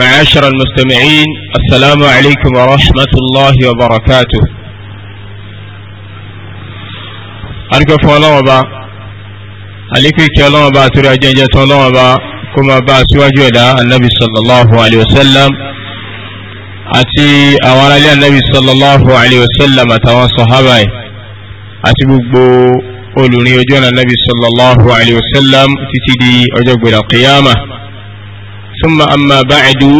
معاشر المستمعين السلام عليكم ورحمة الله وبركاته أرجو فولو با عليكم كلام با ترى جنجة با كما با سواجه النبي صلى الله عليه وسلم àti àwọn aráalé anabi sallallahu alayhi wa sallam àtàwọn sahaba ẹ̀ àti gbogbo olùrin ojú ọ̀nà anabi sallallahu alayhi wa sallam títí di ọjọ́ gbèrè qiyama. ثم أما ba'du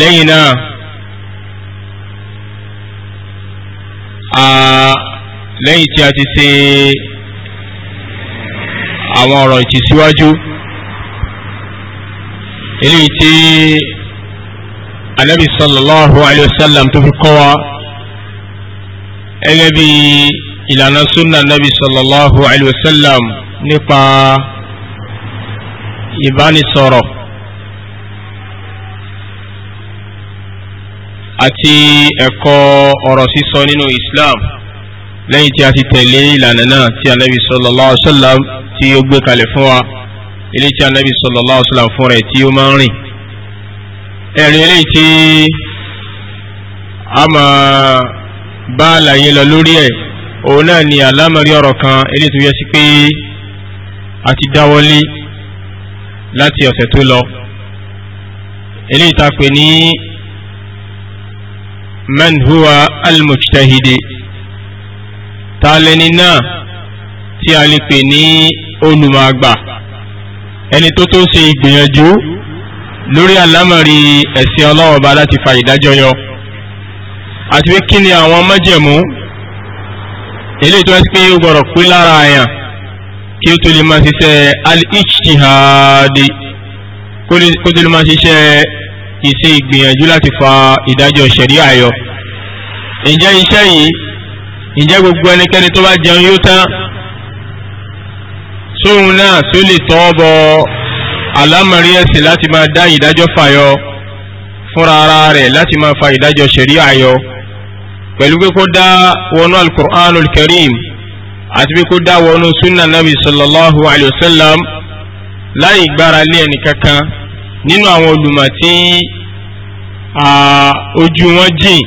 لينا náà a lẹ́yìn tí a ti ṣe àwọn ọ̀rọ̀ ìtìsíwájú eléyìí tí anabi sallallahu alayhi wa sallam tó fi kọ́ wa gẹ́gẹ́ bí ìlànà sunna anabi sallallahu alayhi wa sallam nípa ìbánisọ̀rọ̀ àti ẹ̀kọ́ ọ̀rọ̀ sísọ nínú Islam lẹ́yìn tí a ti tẹ̀lé ìlànà náà tí anabi sallallahu alaihi wasallam tí ó gbé kalẹ̀ fún wa ilé tí anabi sallallahu alaihi wasallam fún rẹ̀ tí ó máa ń rìn ẹ̀rí eléyìí tí a máa bá àlàyé lọ lórí ẹ̀ òun náà ni àlámọ̀rí ọ̀rọ̀ kan eléyìí tó yẹ sí pé a ti dáwọ́lé láti ọ̀sẹ̀ tó lọ eléyìí tá a pè ní man huwa al-mujtahidi ta lẹni náà tí a lè pè ní olùmọ̀àgbà ẹni tó tó ṣe ìgbìyànjú lórí àlámọ̀rí ẹ̀sìn ọlọ́ọ̀ba láti fa ìdájọ́ yọ àti pé kí ni àwọn májẹ̀mú eléyìí tó ẹ́ pé ó gbọ́dọ̀ pín lára àyàn kí ó tó lè máa ṣiṣẹ́ al-ijtihadi kó tó lè máa ṣiṣẹ́ ìṣe ìgbìyànjú láti fa ìdájọ́ ṣẹ̀ríà yọ. ǹjẹ́ iṣẹ́ yìí ǹjẹ́ gbogbo ẹnikẹ́ni tó bá jẹun yóò tán sóhun náà tó lè tọ́ bọ àlámọ̀rí ẹ̀sìn láti máa dá ìdájọ́ fàyọ fúnra ara rẹ̀ láti máa fa ìdájọ́ ṣẹ̀ríà yọ pẹ̀lú pé kó dá wọnú al-Qur'anul Karim àti pé kó dá wọnú súnà nàbì sallallahu alayhi wa sallam láì gbára lé ẹnìkankan nínú àwọn olùmọ̀ tí ojú wọn jìn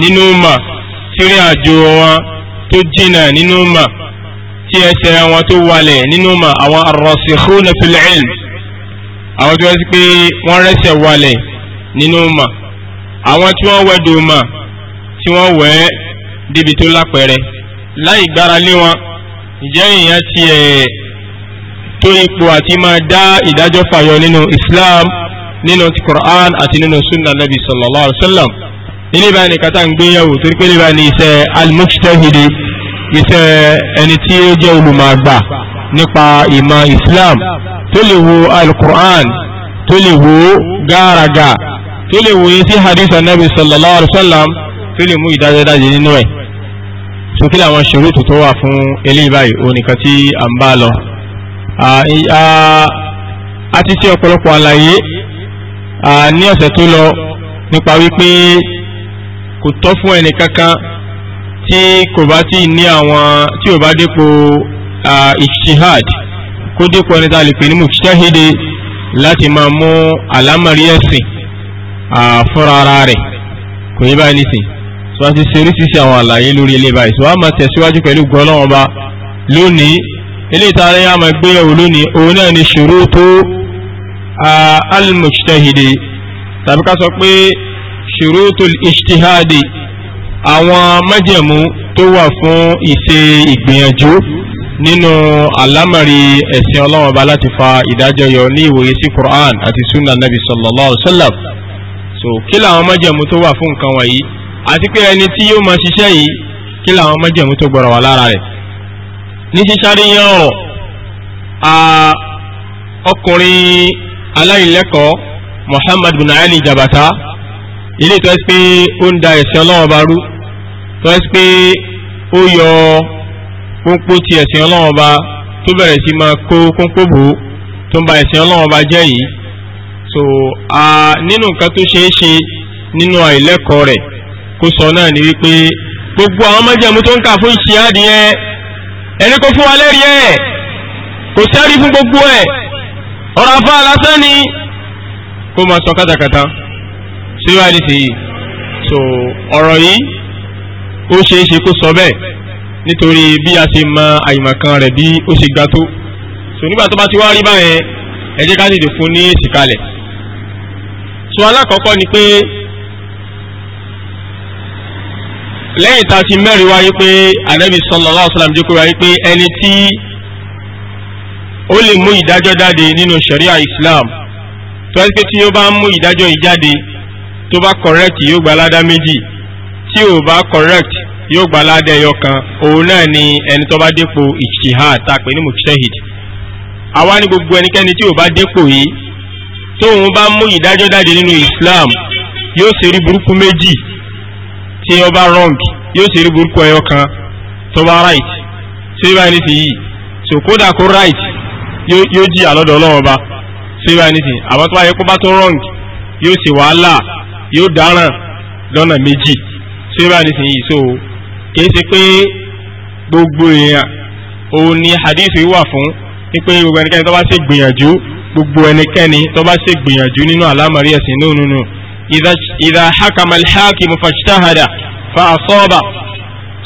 nínú mọ̀ tírí àjò wọn tó jìnà nínú mọ̀ tí ẹsẹ̀ wọn tó wálẹ̀ nínú mọ̀ àwọn ar-rasikhuna àwọn tí wọ́n ti pé wọ́n rẹ́sẹ̀ wálẹ̀ nínú mọ̀ àwọn tí wọ́n wẹ̀ dò tí wọ́n wẹ̀ débi tó lápẹ̀rẹ̀ láì gbára lé wọn ǹjẹ́ èèyàn ti ẹ̀ tó ipò àti máa dá ìdájọ́ fàyọ nínú Islam nínú ti Quran àti nínú sunna nabi sallallahu alaihi wa sallam nílé báyìí ní kátà ń gbéyàwó torí pé níbàá ní iṣẹ́ al-mujtahidi iṣẹ́ ẹni tí ó jẹ́ olùmọ̀gbà nípa ìmọ̀ Islam tó lè wo al-Quran tó lè wo gàràgà tó lè wo yẹn sí hadith anabi sallallahu alaihi wa sallam tó lè mú ìdájọ́ dájẹ́ nínú ẹ̀ so kí làwọn ṣòrútù tó wà fún eléyìí báyìí òun nìkan tí à ń bá lọ a ti ṣe ọ̀pọ̀lọpọ̀ àlàyé ní ọ̀sẹ̀ tó lọ nípa wípé kò tọ́ fún ẹnì kankan tí kò bá tí ní àwọn tí ò bá dépò ìṣihad kó dépò ẹni tá a lè pè ní mùsíṣẹ́hìde láti máa mú àlámọ̀rí ẹ̀sìn fúnra ara rẹ̀ kò yí báyìí nísìnyí so a ti ṣe oríṣiríṣi àwọn àlàyé lórí ilé báyìí so a máa tẹ̀síwájú pẹ̀lú gbọ́lọ́wọ́n bá lónìí ilé ìtara yẹn a máa gbé yẹ̀wò lónìí òun náà ni ṣurutu al-mujtahidi tàbí ká sọ pé ṣurutul ijtihadi àwọn májẹ̀mú tó wà fún ìṣe ìgbìyànjú nínú àlámọ̀rí ẹ̀sìn Ọlọ́run Ọba láti fa ìdájọ́ yọ ní ìwòye sí Qur'an àti sunna nabi sallallahu alaihi wasallam so kí làwọn májẹ̀mú tó wà fún nǹkan wọ̀nyí àti pé ẹni tí yóò máa ṣiṣẹ́ yìí kí làwọn májẹ̀mú tó gbọ́dọ̀ wà lára rẹ̀ ní ṣíṣàríyàn ọ̀rọ̀ ọkùnrin aláìlẹ́kọ̀ọ́ Muhammad bin Ali Jabata ilé tó ẹ́ pé ó ń da ẹ̀sìn Ọlọ́run bá rú tó ẹ́ pé ó yọ kóńpó ti ẹ̀sìn Ọlọ́run bá tó bẹ̀rẹ̀ sí máa kó kóńpó bò ó tó ń ba ẹ̀sìn Ọlọ́run bá jẹ́ yìí so nínú nǹkan tó ṣeé ṣe nínú àìlẹ́kọ̀ọ́ rẹ̀ kó sọ náà ni wípé gbogbo àwọn májẹ̀mú tó ń kà fún ìṣíádì yẹn ẹni kó fún wa lẹ́rí ẹ̀ kò sẹ́rí fún gbogbo ẹ̀ ọ̀rọ̀ afá lásán ni kó máa sọ kátàkátà síwájú sí yìí so ọ̀rọ̀ yìí ó ṣeé ṣe kó sọ bẹ́ẹ̀ nítorí bí a ṣe mọ àyìmọ̀kan rẹ̀ bí ó ṣe ga tó so nígbà tó bá ti wá rí báyẹn ẹ ká tètè fún ní èsì kalẹ̀ so alákọ̀ọ́kọ́ ni pé lẹ́yìn tá a ti mẹ́rin wáyé pé anabi sallallahu alaihi wasallam jókòó wáyé pé ẹni tí ó lè mú ìdájọ́ jáde nínú sharia islam tó ẹ́ pé tí ó bá ń mú ìdájọ́ yìí jáde tó bá correct yóò gba ládá méjì tí ò bá correct yóò gba ládá ẹyọ kan òun náà ni ẹni tó bá dépò ijtihad tá a pè ní mujtahid àwa ní gbogbo ẹnikẹ́ni tí ò bá dépò yìí tóun bá mú ìdájọ́ jáde nínú islam yóò ṣe rí burúkú méjì tí ó wrong yóò sì rí burúkú ẹyọ kan tó bá right ṣé báyìí ní sìn yìí so kódà kó right yóò jìyà lọ́dọ̀ ọlọ́wọ́ ba ṣé báyìí ní sìn àbá tó bá yẹ kó bá tó wrong yóò sì wàhálà yóò dáràn lọ́nà méjì ṣé báyìí ní sìn yìí so kìí ṣe pé gbogbo èèyàn òun ni hadith yìí wà fún pé gbogbo ẹnikẹ́ni tó bá ṣe gbìyànjú gbogbo ẹnikẹ́ni tó bá ṣe gbìyànjú nínú àlámọ̀rí ẹ̀sìn náà nínú. No, no, no إذا حكم الحاكم فاجتهد فأصاب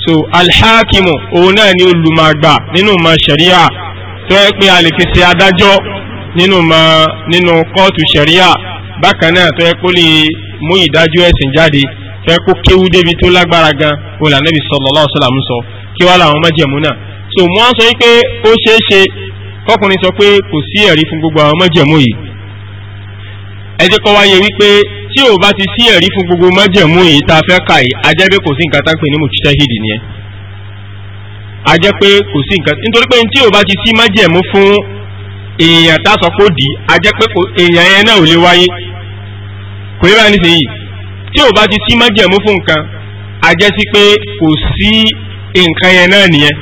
so alhakimu òun náà ni olùmọ̀gbà nínú ma ṣẹ̀ríà tó yẹ pé a lè fi ṣe adájọ́ nínú ma nínú kóòtù ṣẹ̀ríà bákan náà tó yẹ kó lè mú ìdájọ́ ẹ̀sìn jáde tó yẹ kó kéwú débi tó lágbára gan òun là nẹ́bi sallallahu alaihi wasallam sọ kí wàá làwọn májẹ̀mú náà so mo á sọ yí pé ó ṣeé ṣe kọkùnrin sọ pé kò sí ẹ̀rí fún gbogbo àwọn májẹ̀mú yìí ẹ jẹ́ kó wáyé wípé tí ò bá ti sí ẹ̀rí fún gbogbo májẹ̀mú yìí tá a fẹ́ kà yìí a jẹ́ pé kò sí nǹkan tá ń pè ní mujtahid nìyẹn a jẹ́ pé kò sí nǹkan nítorí pé tí ò bá ti sí májẹ̀mú fún èèyàn tá a sọ pé ó dì í a jẹ́ pé èèyàn yẹn náà ò lè wáyé kò yẹ báyìí nísìnyí tí ò bá ti sí májẹ̀mú fún nǹkan a jẹ́ sí pé kò sí nǹkan yẹn náà nìyẹn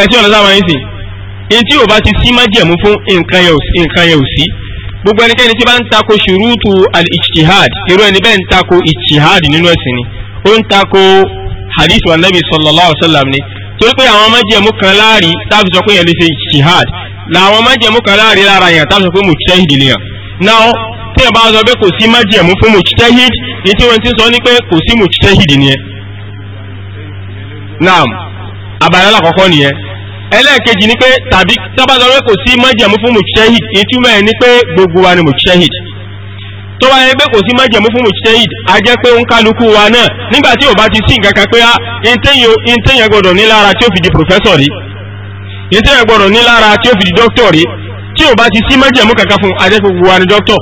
ẹ tí ọ̀nà sáwọn yìí sìn ní tí ò bá ti sí májẹ̀mú fún nǹkan yẹn ò sí gbogbo ẹnikẹ́ni tí bá ń tako ṣùrùtù al-ijtihad irú ẹni bẹ́ẹ̀ ń tako ijtihad nínú ẹ̀sìn ni ó ń tako hadith wa nabi sallallahu alayhi wa sallam ni torí pé àwọn májẹ̀mú kan láàrí táàbù sọ pé yẹn lè ṣe ijtihad làwọn májẹ̀mú kan láàrí lára yẹn táàbù sọ pé mujtahid nìyẹn náà tí ẹ bá sọ pé kò sí májẹ̀mú fún mujtahid ní tí wọ́n ti sọ ní pé kò sí mujtahid nìyẹn. naam àbàlẹ́ àkọ́kọ́ nìyẹn ẹlẹ́ẹ̀kejì ni pé tàbí tábàdàn pé kò sí májẹ̀mú fún mujtahid ìtumọ̀ ẹ̀ ni pé gbogbo wa ni mujtahid tó wáyé pé kò sí májẹ̀mú fún mujtahid a jẹ́ pé ń kálukú wa náà nígbà tí ò bá ti sí nǹkan kan pé ah ìtẹ̀yìn gbọ́dọ̀ ní lára tí ó fi di professor rí ìtẹ̀yìn gbọ́dọ̀ ní lára tí ó fi di doctor rí tí ò bá ti sí májẹ̀mú kankan fún a jẹ́ pé gbogbo wa ni doctor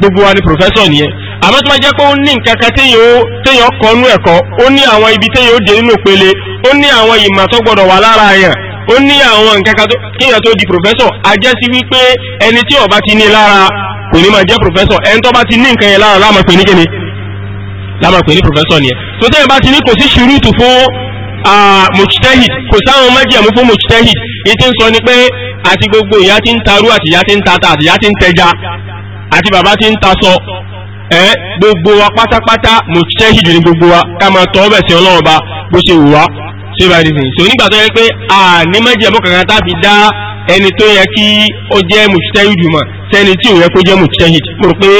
gbogbo wa ni professor nìyẹn àmọ́ tó bá jẹ́ pé ó ní nǹkan kan téèyàn kọ́ nú ẹ̀kọ́ ó ní àwọn ibi téèyàn ó dé nínú ìpele ó ní àwọn ìmọ̀ tó gbọ́dọ̀ wà lára yẹn ó ní àwọn nǹkan kan tó tó di professor ajẹ́sí wípé ẹni tí ó bá ti ní lára kò ní máa jẹ́ professor ẹni tó bá ti ní nǹkan yẹn lára láàmà pè ní kíni láàmà pè ní professor nìyẹn tó tẹ́yìn bá ti ní kò sí ṣùrùtù fún mujtahid kò sáwọn májèmú fún mujtahid yìí ti ń sọ ni pé àti gbogbo ìyá ti ń tarú àti ìyá ti ń tata àti ìyá ti ń tẹja àti bàbá ti ń tasọ ẹ gbogbo wa pátápátá mujtahid ni gbogbo wa ká máa tọ́ ọbẹ̀ ọlọ́run ṣé bá dìsìn ṣe onígbà tó yẹ pé a ní májẹ̀mú kankan tá a fi dá ẹni tó yẹ kí ó jẹ́ mùsítẹ́hìd mọ̀ sẹ́ni tí ò yẹ kó jẹ́ mùsítẹ́hìd mo rò pé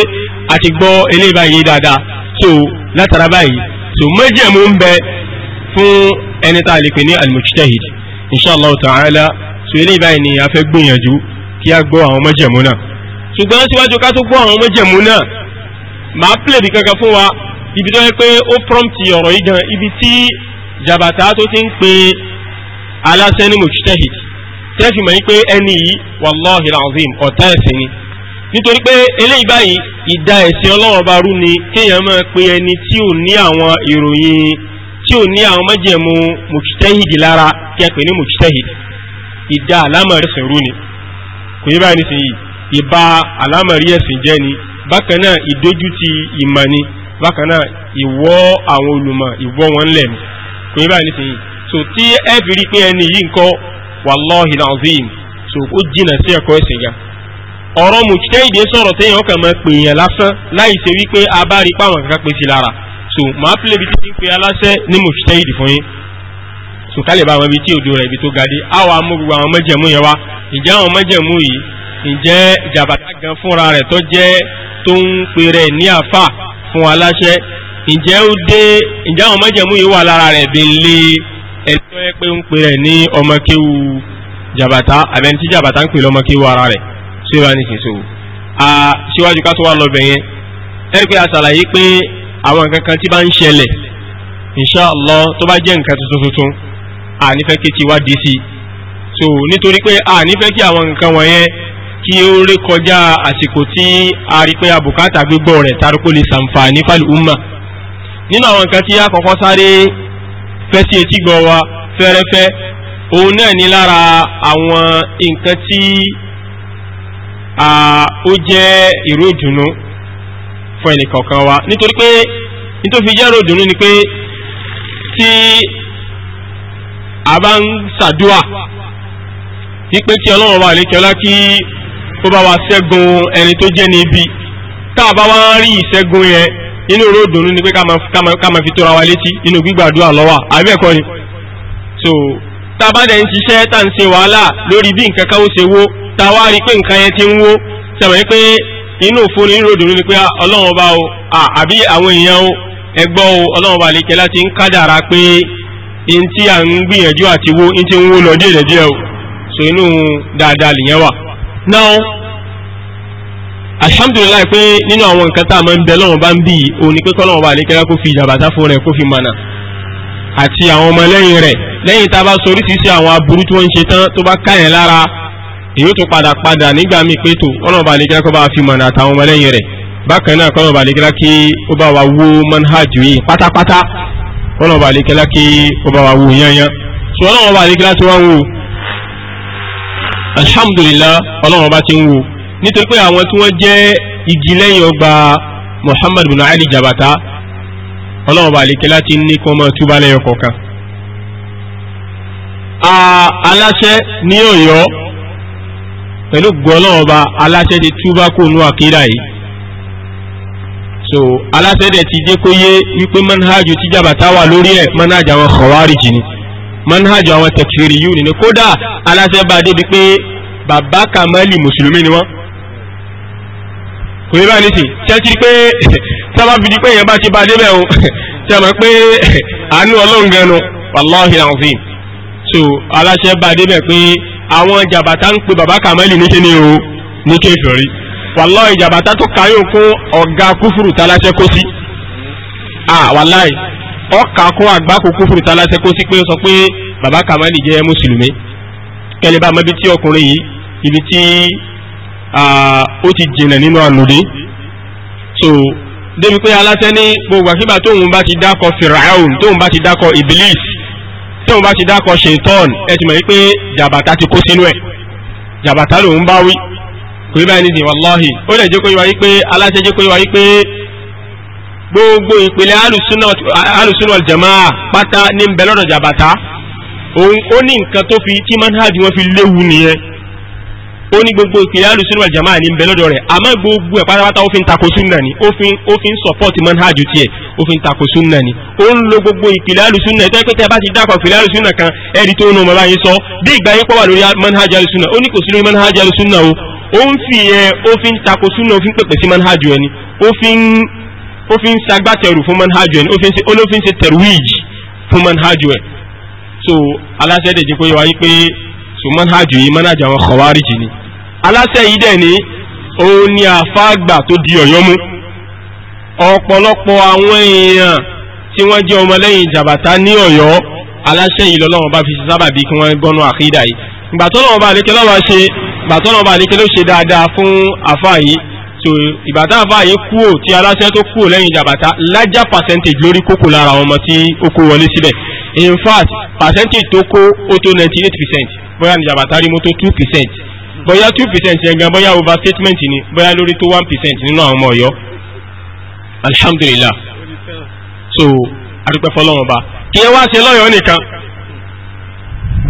a ti gbọ́ eléyìí báyìí dáadáa so látara báyìí so májẹ̀mú ń bẹ fún ẹni tá a lè pè ní al-mujtahid inshallah ta'ala so eléyìí báyìí ni a fẹ́ gbìyànjú kí a gbọ́ àwọn májẹ̀mú náà ṣùgbọ́n síwájú ká tó gbọ́ àwọn májẹ̀mú náà màá pèlè bí kankan jàbàtà tó ti ń pe aláṣẹ ní mujtahid tẹ́fì mọ̀ pé ẹni yìí wallahi alazim ọ̀tá ẹ̀sìn ni nítorí pé eléyìí báyìí ìdá ẹ̀sìn Ọlọ́run ọba rú ni kéèyàn máa pe ẹni tí ò ní àwọn ìròyìn tí ò ní àwọn májẹ̀mú mujtahid lára kí a pè ní mujtahid ìdá àlámọ̀rí ẹ̀sìn rú ni kò yẹ báyìí nísìnyí ìbá àlámọ̀rí ẹ̀sìn jẹ́ ni bákan náà ìdójútì ìmọ̀ ni bákan náà ìwọ́ àwọn olùmọ̀ ìwọ́ wọn lẹ̀ kò yẹ báyìí nísìnyí so tí ẹ fi rí pé ẹni yìí nǹkan wàláhì so ó jìnà sí ẹ̀kọ́ ẹ̀sìn ya ọ̀rọ̀ mùtẹ́ìdè sọ̀rọ̀ téèyàn kàn máa pè yàn lásán láì ṣe wípé a bá rí pàwọn kankan pè sí lára so màá pèlè ń pe aláṣẹ ní mùtẹ́ìdè fún yín so kálí bá àwọn tí òdo ibi tó ga dé mú gbogbo àwọn yẹn ǹjẹ́ àwọn yìí ǹjẹ́ jàbàtà gan fúnra ǹjẹ́ ó dé ǹjẹ́ àwọn májẹ̀mú yìí wà lára rẹ̀ bí nlé ẹ̀tọ́ ẹ pé ń pè rẹ̀ ní ọmọ jàbàtà àbẹ̀ni tí jàbàtà ń pè lọ́mọ kéwu ara rẹ̀ ṣé wàá nìsín so a síwájú ká tó wà lọ bẹ̀yẹn ẹ̀rí pé a ṣàlàyé pé àwọn nǹkan kan tí bá ń ṣẹlẹ̀ insha Allah tó bá jẹ́ nǹkan tuntun tuntun a nífẹ̀ẹ́ kí tiwa dé sí so nítorí pé a nífẹ̀ẹ́ kí àwọn nǹkan wọ̀nyẹn kí ó rékọjá àsìkò tí a rí pé àbùkátà gbígbọ́ rẹ̀ tarikó lè ṣàǹfààní fáli umma nínú àwọn nǹkan tí a kọ́kọ́ sáré fẹ́ sí etí gbọ́ wa fẹ́rẹ́fẹ́ òun náà ní lára àwọn nǹkan tí ó jẹ́ ìró ìdùnnú fún ẹnìkọ̀ọ̀kan wa nítorí pé nítorí fi jẹ́ ìró ìdùnnú ni pé tí a bá ń ṣàdúà wípé kí ọlọ́run wa àlékẹ́lá kí ó bá wa ṣẹ́gun ẹni tó jẹ́ ní tá a bá wá rí ìṣẹ́gun yẹn inú oró dùnú ni pé ká máa fi tóra wa létí inú gbígbàdúrà lọ́wà wa. ni so tá a bá dẹ̀ ń ṣiṣẹ́ tá à ń ṣe wàhálà lórí bí nǹkan kan ó ṣe wó tá a wá rí pé nǹkan yẹn ti ń wó sẹ̀wọ̀n pé inú òfoni inú oró dùnú ni pé ah, ọlọ́run ọba o ah, àbí àwọn èèyàn o ẹgbọ́ o ọlọ́run ọba àlekẹ́ láti ń kádàrá pé tí à ń gbìyànjú àti wó ti ń wó lọ o so inú dáadáa alhamdulilayi pé nínú àwọn nǹkan tá a máa ń bẹ lọ́wọ́ bá ń bì òní pé kọ́lọ́wọ́ bá àlékẹ́lá kó fi ìjàbàtà fún rẹ̀ kó fi mọ̀nà àti àwọn ọmọ lẹ́yìn rẹ̀ lẹ́yìn tá a bá sọ oríṣiríṣi àwọn aburú tí wọ́n ń ṣe tán tó bá káyàn lára èyí tó padà padà nígbà míì pé tó kọ́lọ́wọ́ bá àlékẹ́lá kó bá fi mọ̀nà àtàwọn ọmọ lẹ́yìn rẹ̀ bákan náà kọ́lọ́wọ́ bá àlékẹ́lá kí ó bá wa wó manhaj yìí pátápátá kọ́lọ́wọ́ bá àlékẹ́lá kí ó bá wa wó yányán sọ ọlọ́wọ́ bá àlékẹ́lá tí nítorí pé àwọn tí wọ́n jẹ́ igi lẹ́yìn ọgbà Muhammad bin Ali Jabata ọlọ́run bá lè ké láti ní kí wọ́n máa túbá lẹ́yìn kọ̀ọ̀kan. aláṣẹ ní Ọ̀yọ́ pẹ̀lú gọ́lọ́run aláṣẹ ti túbá kó nú àkírà yìí so aláṣẹ dẹ̀ ti dé kó yé wípé manhajù tí Jabata wà lórí ẹ̀ manhajù àwọn khawarij ni manhajù àwọn takfiriyun ni kódà aláṣẹ bá débi pé bàbá kàmálì mùsùlùmí ni wọ́n kò yẹ bá ní sìn tẹ́tí pé sábà fi di pé èèyàn bá ti bá a débẹ̀ o tẹ́ mọ̀ pé àánú ọlọ́run gan nu wàláhì àǹfìn so aláṣẹ bá a débẹ̀ pé àwọn jàbàtà ń pe bàbá kàmẹ́lì ní kíni o ní kéfìrí wàláhì jàbàtà tó káyọ̀ kún ọ̀gá kúfùrù taláṣẹ kó sí ah wàláhì ọkà kún àgbákò kúfùrù taláṣẹ kó sí pé sọ pé bàbá kàmẹ́lì jẹ́ mùsùlùmí kẹlẹ́ bá mọ́bi tí ọkùnrin yìí ibi tí ó ti jìnà nínú àlùdí so débi pé aláṣẹ ní gbogbo àkígbà tóun bá ti dákọ firaun tóun bá ti dákọ iblis tóun bá ti dákọ shaitan ẹ ti mọ̀ wípé jàbàtà ti kó sínú ẹ̀ jàbàtà lòun bá wí kò yí báyìí nísìnyí wàláhì ó lè jẹ́ kó yí wa wípé aláṣẹ jẹ́ kó yí wa gbogbo ìpìlẹ̀ alùsùnà jamaa pátá ní ń jàbàtà ó ní nǹkan tó fi tí manhaj wọn fi léwu nìyẹn ó ní gbogbo ìpìlẹ̀ alùsùn wal jamaa ní bẹ lọ́dọ̀ rẹ̀ àmọ́ gbogbo ẹ̀ pátápátá ó fi ń tako sunna ni ó fi ó fi ń support manhaj tiẹ̀ ó fi ń tako sunna ni ó ń lo gbogbo ìpìlẹ̀ alùsùn náà ìtọ́jú pé tẹ́ bá ti dákọ̀ ìpìlẹ̀ alùsùn náà kan ẹ̀rí tó ń nù mọ́ báyìí sọ dé ìgbà yín pọ̀ wà lórí manhaj alùsùn náà ó ní kò sí lórí manhaj alùsùn náà o ó ń fi ẹ ó fi ń tako sunna ó fi ń pèpè sí manhaj ẹni ó ó fi ń ó fi ń ṣe ó ló fi ń ṣe so aláṣẹ dèjì pé wáyé pé so manhaj yìí manhaj àwọn ni aláṣẹ yìí dẹ̀ ní òun ni àfáàgbà tó di ọ̀yọ́ mú ọ̀pọ̀lọpọ̀ àwọn èèyàn tí wọ́n jẹ́ ọmọlẹ́yìn jàbàtà ní ọ̀yọ́ aláṣẹ yìí lọ́lọ́wọ́n bá fi ṣe sábàbí kí wọ́n gbọ́nú àkídà yìí ìgbà tó lọ́wọ́ bá àlékẹ́ lọ́wọ́ ṣe ìgbà tó lọ́wọ́ bá àlékẹ́ ló ṣe dáadáa fún àfáà yìí so ìgbà tá àfáà yìí kúò tí aláṣẹ tó kúò lẹ́yìn jàbàtà lájá percentage lórí kókò lára àwọn ọmọ tí ó kó wọlé síbẹ̀ in fact percentage tó kó ó tó ninety eight percent bóyá ní jàbàtà rí mọ́tò two percent bóyá two percent yẹn gan bóyá over statement ni bóyá lórí tó one percent nínú àwọn ọmọ Ọ̀yọ́ alhamdulillah so adúpẹ́ fọlọ́wọ́n ba kí ẹ wá ṣe lọ́yọ̀ọ́ nìkan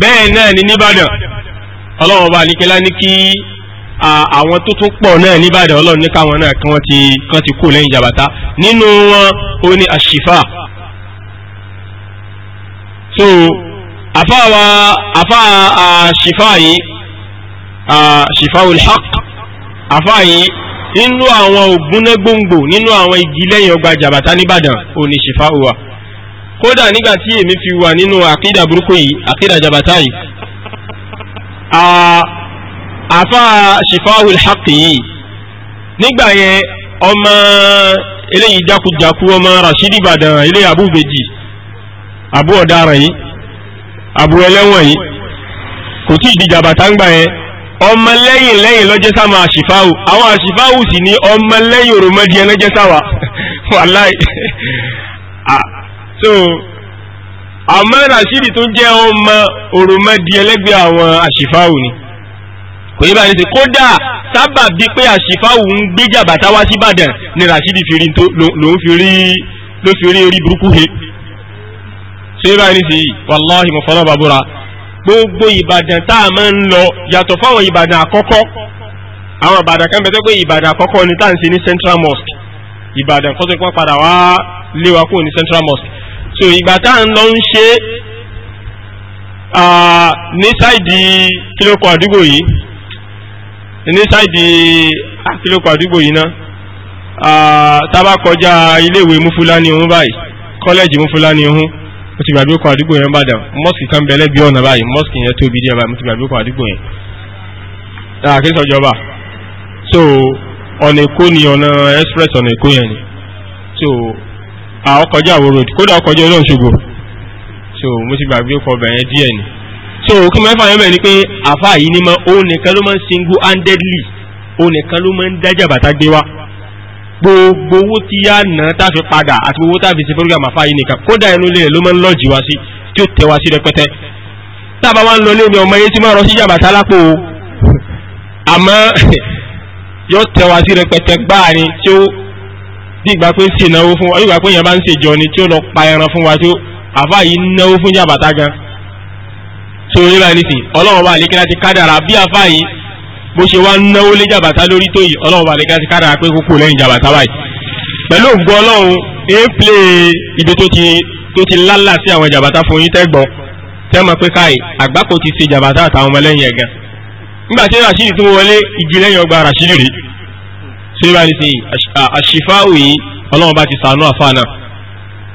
bẹ́ẹ̀ náà ni nìbàdàn ọlọ́wọ́n ba àníkẹ́lá ní kí àwọn tó tún pọ̀ náà nìbàdàn ọlọ́run ní káwọn náà kí wọ́n ti kán ti kú lẹ́yìn jàbàtà nínú wọn ó ní àṣìfà so àfa àwa àfa àṣìfà yìí shifawul haq àfáàyí nínú àwọn ògúnlẹ́gbòǹgbò nínú àwọn igi lẹ́yìn ọgbà jàbàtà nìbàdàn ò ní shifawu wa kódà nígbà tí èmi fi wà nínú àkídà burúkú yìí àkídà jàbàtà yìí àfá shifawul haq yìí nígbà yẹn ọmọ eléyìí jákujáku ọmọ rashidi ìbàdàn ilé abúbejì abú ọ̀daràn yìí abú ẹlẹ́wọ̀n yìí kò tí ì di jàbàtà ń yẹn ọmọ lẹ́yìn lẹ́yìn lọ́jẹ́ sáwọn àṣìfáwù àwọn àṣìfáwù sì ní ọmọ lẹ́yìn òròmọdìẹ lọ́jẹ́ sáwà wàláì ah, so àmọ́ rashidi tó jẹ́ ọmọ òròmọdìẹ lẹ́gbẹ̀ẹ́ àwọn àṣìfáwù ni kò yí báyìí sí kódà sábà bíi pé àṣìfáwù ń gbéjà bàtà wá sí ìbàdàn ni rashidi fi rí lòún fi rí ló fi rí burúkú he ṣé báyìí sí wàláhì bàbúrà gbogbo ìbàdàn tá a máa ń lọ yàtọ̀ fáwọn ìbàdàn àkọ́kọ́ àwọn ìbàdàn kan bẹ́tẹ́ pé ìbàdàn àkọ́kọ́ ni tá à ń ṣe ní central mosque ìbàdàn kọ́sọ́ ìpọ́n padà wá lé wa kúrò ní central mosque so ìgbà tá à ń lọ ń ṣe ní sáìdì kílókò àdúgbò yìí ní sáìdì kílókò àdúgbò yìí náà tá a bá kọjá iléèwé mufulani ohun báyìí kọ́lẹ́jì mufulani ohun mo ti gbàgbé ọkọ̀ àdúgbò yẹn bàdàn mọ́sìkì kan bẹ̀lẹ́ bí ọ̀nà báyìí mọ́sìkì yẹn tóbi díẹ̀ báyìí mo ti gbàgbé ọkọ̀ àdúgbò yẹn àkíní ah, sọjọba so ọ̀nà èkó ni ọ̀nà express ọ̀nà èkó yẹn ni so ọkọjá àwọ̀ road kódà ọkọjá olóhùn ṣògo so mo ti gbàgbé ọkọ̀ ọbẹ̀ díẹ̀ ni so kí mẹ́fà yẹn mẹ́rin pé àfa yìí ni ó nìkan ló máa ń single handedly ó nìkan ló máa ń dájà gbé wá gbogbo owó tí yá nà tá fi padà àti owó tá fi ṣe program àfa yìí nìkan kódà inú ilé rẹ̀ ló máa ń lọ́ọ̀jì wá sí tí ó tẹ̀ wá sí rẹpẹtẹ tá a bá wá lọ ilé mi ọmọ yẹn ti máa rọ sí jàbàtà lápò o àmọ́ yóò tẹ̀ wá sí rẹpẹtẹ gbáà ni tí ó bí ìgbà pé ń ṣe ìnáwó fún wa ìgbà pé yẹn bá ń ṣèjọ ni tí ó lọ pa ẹran fún wa tí ó àfa yìí náwó fún jàbàtà gan so nígbà nísìnyí ọlọ́run wa àlékè láti kádàrà bí àfa yìí bó ṣe wá ń náwó lé jàbàtà lórí tó yìí ọlọ́run bá lè ká sí kára pé kókó lẹ́yìn jàbàtà báyìí pẹ̀lú ògbó ọlọ́run éèplé ibi tó ti tó ti lálà sí àwọn jàbàtà fún yín tẹ́gbọ́n tẹ́ mọ̀ pé káyì àgbákò ti ṣe jàbàtà àtàwọn ọmọlẹ́yìn ẹ̀gàn nígbà tí rashidi tó wọlé igi lẹ́yìn ọgbà rashidi rè ṣé bá ní sìn àṣìfáwò yìí ọlọ́run bá ti sànú àfa náà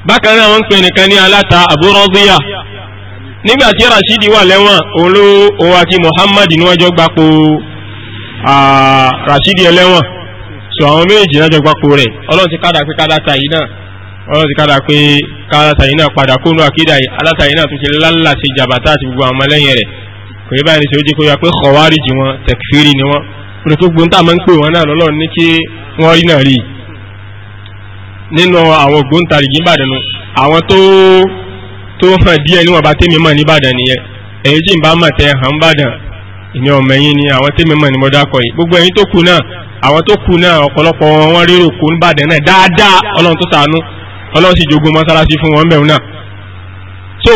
bákan náà wọ́n ń pè rashidi wà lẹ́wọ̀n òun ló muhammad níwájọ́ gbapò Rashidi ẹlẹ́wọ̀n so àwọn méjì náà jọ gbapò rẹ̀ ọlọ́run ti kádà pé kádà ta yìí náà ọlọ́run ti kádà pé kádà ta yìí náà padà kónú àkídà yìí aláta yìí náà tún ṣe lálà ṣe jàbàtà àti gbogbo àwọn ọmọlẹ́yìn rẹ̀ kò yẹ báyìí ní ṣe ó jẹ́ kó yà pé kọ̀wárìjì wọn tẹ̀kfírì ni wọn kúrò tó gbóńtà máa ń pè wọn náà lọ́lọ́run ní kí wọ́n rí náà rí i nínú àwọn ògbóǹtarìgì ìbàdàn àwọn tó tó hàn díẹ̀ níwọ̀nba tẹ́mi mọ̀ níbàdàn nìyẹn èyí tí ń bá mọ̀ tẹ́ hàn ń ìní ọmọ ẹ̀yìn ni àwọn tẹ́mi mọ̀ ní mo dákọ̀ yìí gbogbo ẹ̀yin tó kù náà àwọn tó kù náà ọ̀pọ̀lọpọ̀ wọn rírò kó ń bàdẹ̀ náà dáadáa ọlọ́run tó ṣàánú ọlọ́run sì jogún mọ́sálásí fún wọn bẹ̀rù náà. so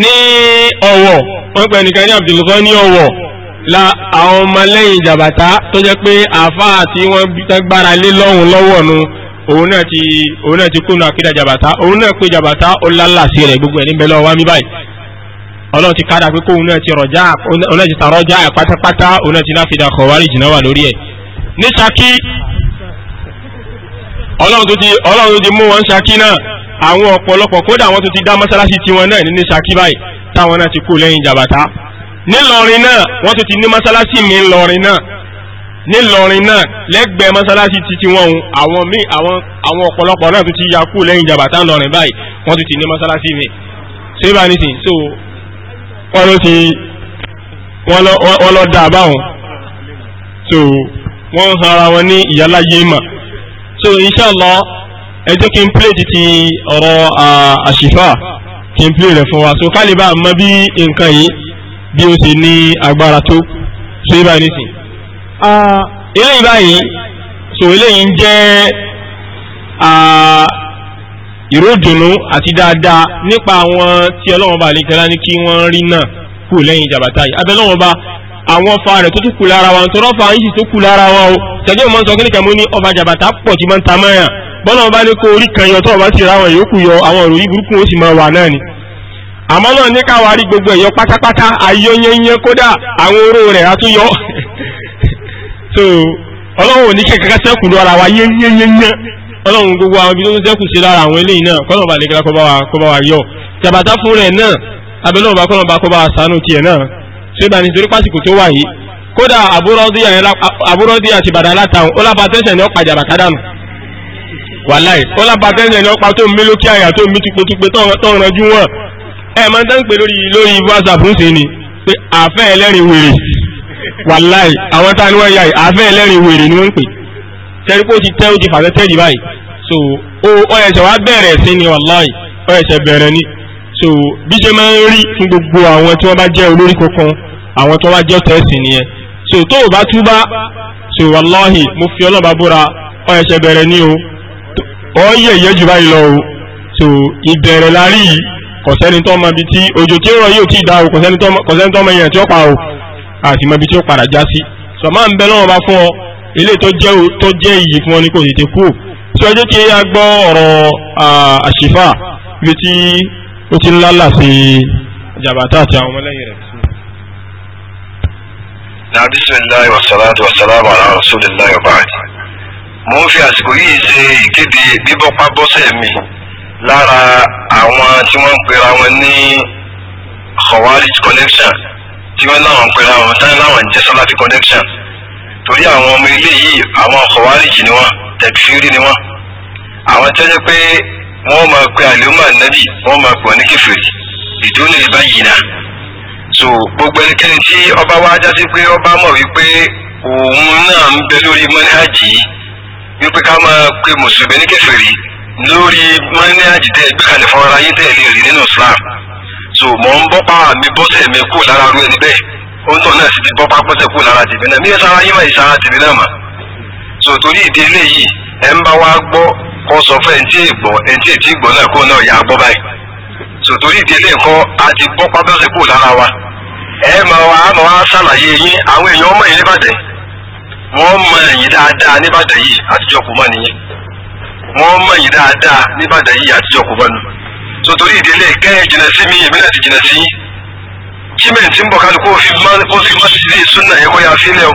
ní ọ̀wọ̀ wọ́n pẹ̀ nìkan ní Abdulgani ní ọ̀wọ̀ la àwọn ọmọlẹ́yìn jàbàtà tó jẹ́ pé àáfàá tí wọ́n gbára lé lọ́hùn lọ́wọ́ nu òun náà ti òun náà ti kúnnà àkídà jàbàtà òun náà pé jàbàtà ó lálàsí rẹ̀ gbogbo ẹ̀ níbẹ̀ lọ́wọ́ wá mi báyìí ọlọ́run ti kára pé kóun náà ti rọjá ọlọ́run ti tàrọjá pátápátá òun náà ti náfìdá kọ̀wárì jìnnà wà lórí ẹ̀ ní Ṣakí ọlọ́run tó ti mú wọn Ṣakí náà àwọn ọ̀pọ̀lọpọ̀ kódà wọn tó ti dá mọ́sálásí tiwọn náà ní Ṣakí báyìí táwọn náà ti kú lẹ́yìn jàbàtà nílọrin náà wọn tó ti ní mọ́sálásí mi ńlọrin náà nílọrin náà lẹ́gbẹ̀ẹ́ mọ́sálásí títí wọn òun àwọn míì àwọn àwọn ọ̀pọ̀lọpọ̀ náà tó ti ya kú lẹ́yìn jàbàtà ńlọrin báyìí wọn tó ti ní mọ́sálásí mi ṣé bá nísìnyí so wọ́n ló ti wọ́n lọ dá àbáwọn so wọ́n ń han ara wọn ní ìyáláyé mà so inshallah ẹ jẹ́ kí n plate ti ọ̀rọ̀ àṣìfà kí n plate rẹ̀ fún wa so kálíbà mọ bí nǹkan yìí bí ó ṣe ní agbára tó so yìí báyìí nìsín. eléyìí báyìí so eléyìí ń jẹ́ ìródùnú àti dáadáa nípa àwọn tí ọlọ́wọ́n bá àlékẹ́lá ní kí wọ́n rí náà kù lẹ́yìn jàbátá yìí abẹ́lọ́wọ́n bá àwọn fa rẹ̀ tó tún kù lára wa nítorí ọ̀fà yìí sì tó kù lára wa o tẹ̀lé ìmọ̀ sọ kíníkà mú ní ọba jàbátá pọ̀ tí máa ń ta mọ́yà bọ́lọ́wọ́n bá ní kó orí kan yọ tó ọba sì ráwọn yòókù yọ àwọn ìròyìn burúkú ó sì máa wà náà ni àmọ́ náà ní káwa rí gbogbo ẹ̀yọ pátápátá ayọ́yẹ́yẹ́ kódà àwọn oró rẹ̀ àtúnyọ́ so ọlọ́wọ́n ò ní kẹ́kẹ́ sẹ́kù lọ́ra wa yẹ́yẹ́yẹ́ ọlọ́run gbogbo àwọn ibi tó tún sẹ́kù sí lára àwọn eléyìí náà kọ́nà bá lè kíra kọ́ bá wa yọ jàbàtà fún rẹ̀ náà abẹ́lẹ́ ọba kọ́nà bá kọ́ bá wa sànú tiẹ̀ náà tí ó bá ní torí pásìkò tó wà yìí kódà àbúrọ́dí àti bàdà látàun ó lábà tẹ́sẹ̀ ní ọ̀pá jàbàtà dànù wàláì ó lábà tẹ́sẹ̀ ní ọ̀pá tó ń mí lókè àyà tó ń mí tupetupe tọ́ranjú wọn ẹ máa ń dán pé lórí tẹ́rí pé ó ti tẹ́ ó ti fàfẹ́ tẹ́rì báyìí so ó ó ẹsẹ̀ wá bẹ̀rẹ̀ sí ni wàláì ó ẹsẹ̀ bẹ̀rẹ̀ ni so bí ṣe máa ń rí fún gbogbo àwọn tí wọ́n bá jẹ́ olórí kankan àwọn tó wá jẹ́ tẹ̀sí nìyẹn so tó o bá túbá so wàláì mo fi ọlọ́ba búra ó ẹsẹ̀ bẹ̀rẹ̀ ni o ó yẹ ìyẹ́ jù báyìí lọ o so ìbẹ̀rẹ̀ la rí yìí kọ̀sẹ́ni tó ọmọ ibi tí òjò tí ó rọ yóò tí ì dá o kọ̀sẹ́ni tó ọmọ yẹn tí ó pa o àti mọ ibi tí ó padà já sí so máa ń bẹ lọ́wọ́ bá fún ọ ilé tó jẹ́ tó jẹ́ iyì fún wọn ní kò tètè kú tí ó jẹ́ kí a gbọ́ ọ̀rọ̀ àṣìfà ibi tí ó ti lálà sí jàbátà àti àwọn ọmọlẹ́yìn rẹ̀. na bisimilayi wasalaatu wasalaamu ala rasulillahi wa baadi mo ń fi àsìkò yìí ṣe ìkéde bíbọ́pá bọ́sẹ̀ mi lára àwọn tí wọ́n ń pera wọn ní khawarij connection tí wọ́n náà ń pera wọn táwọn náà jẹ́ salafi connection torí àwọn ọmọ ilé yìí àwọn kọ̀wárìjì ni wọ́n tẹ̀kífìrí ni wọ́n àwọn tẹ́lẹ̀ pé wọ́n máa pe àlùmọ́ ànábì wọ́n máa pọ̀ ní kẹfìrí ìdúró lè báyìí náà so gbogbo ẹnikẹ́ni tí ọba wa já pé ọba mọ̀ wípé òun náà ń bẹ lórí mọ́níhàjì wípé ká máa pe mùsùlùmí ní kẹfìrí lórí mọ́níhàjì tẹ́ ẹgbẹ́ kalẹ̀ fún yín tẹ́ lè rí nínú Islam so mọ̀ ń bọ́ pa àmì bọ́sẹ̀ mi kú lára ru ẹni bẹ́ẹ̀ òun tó náà sì ti bọ́ pápọ́sẹ̀ kú lára tèmi náà mílẹ̀ sára yíma ìsára tèmi náà mà so ìdí eléyìí ẹ̀ ń bá wa gbọ́ kọ́ sọ fún ẹ̀ntì ìgbọ́ ẹ̀ntì ìtì ìgbọ́ náà kó náà yà á gbọ́ báyìí so ìdí eléyìí kọ́ a ti bọ́ pápọ́sẹ̀ kú lára wa ẹ máa wá a wá ṣàlàyé yín àwọn èèyàn ọmọ yìí nìbàdàn wọ́n mọ ẹ̀yìn dáadáa nìbàdàn yìí àtijọ́ kò mọ̀ nìyẹn wọ́n mọ ẹ̀yìn kíbẹ̀ tí ń bọ̀ kálukú fi má ti rí súnà yẹ kó ya fílẹ̀ o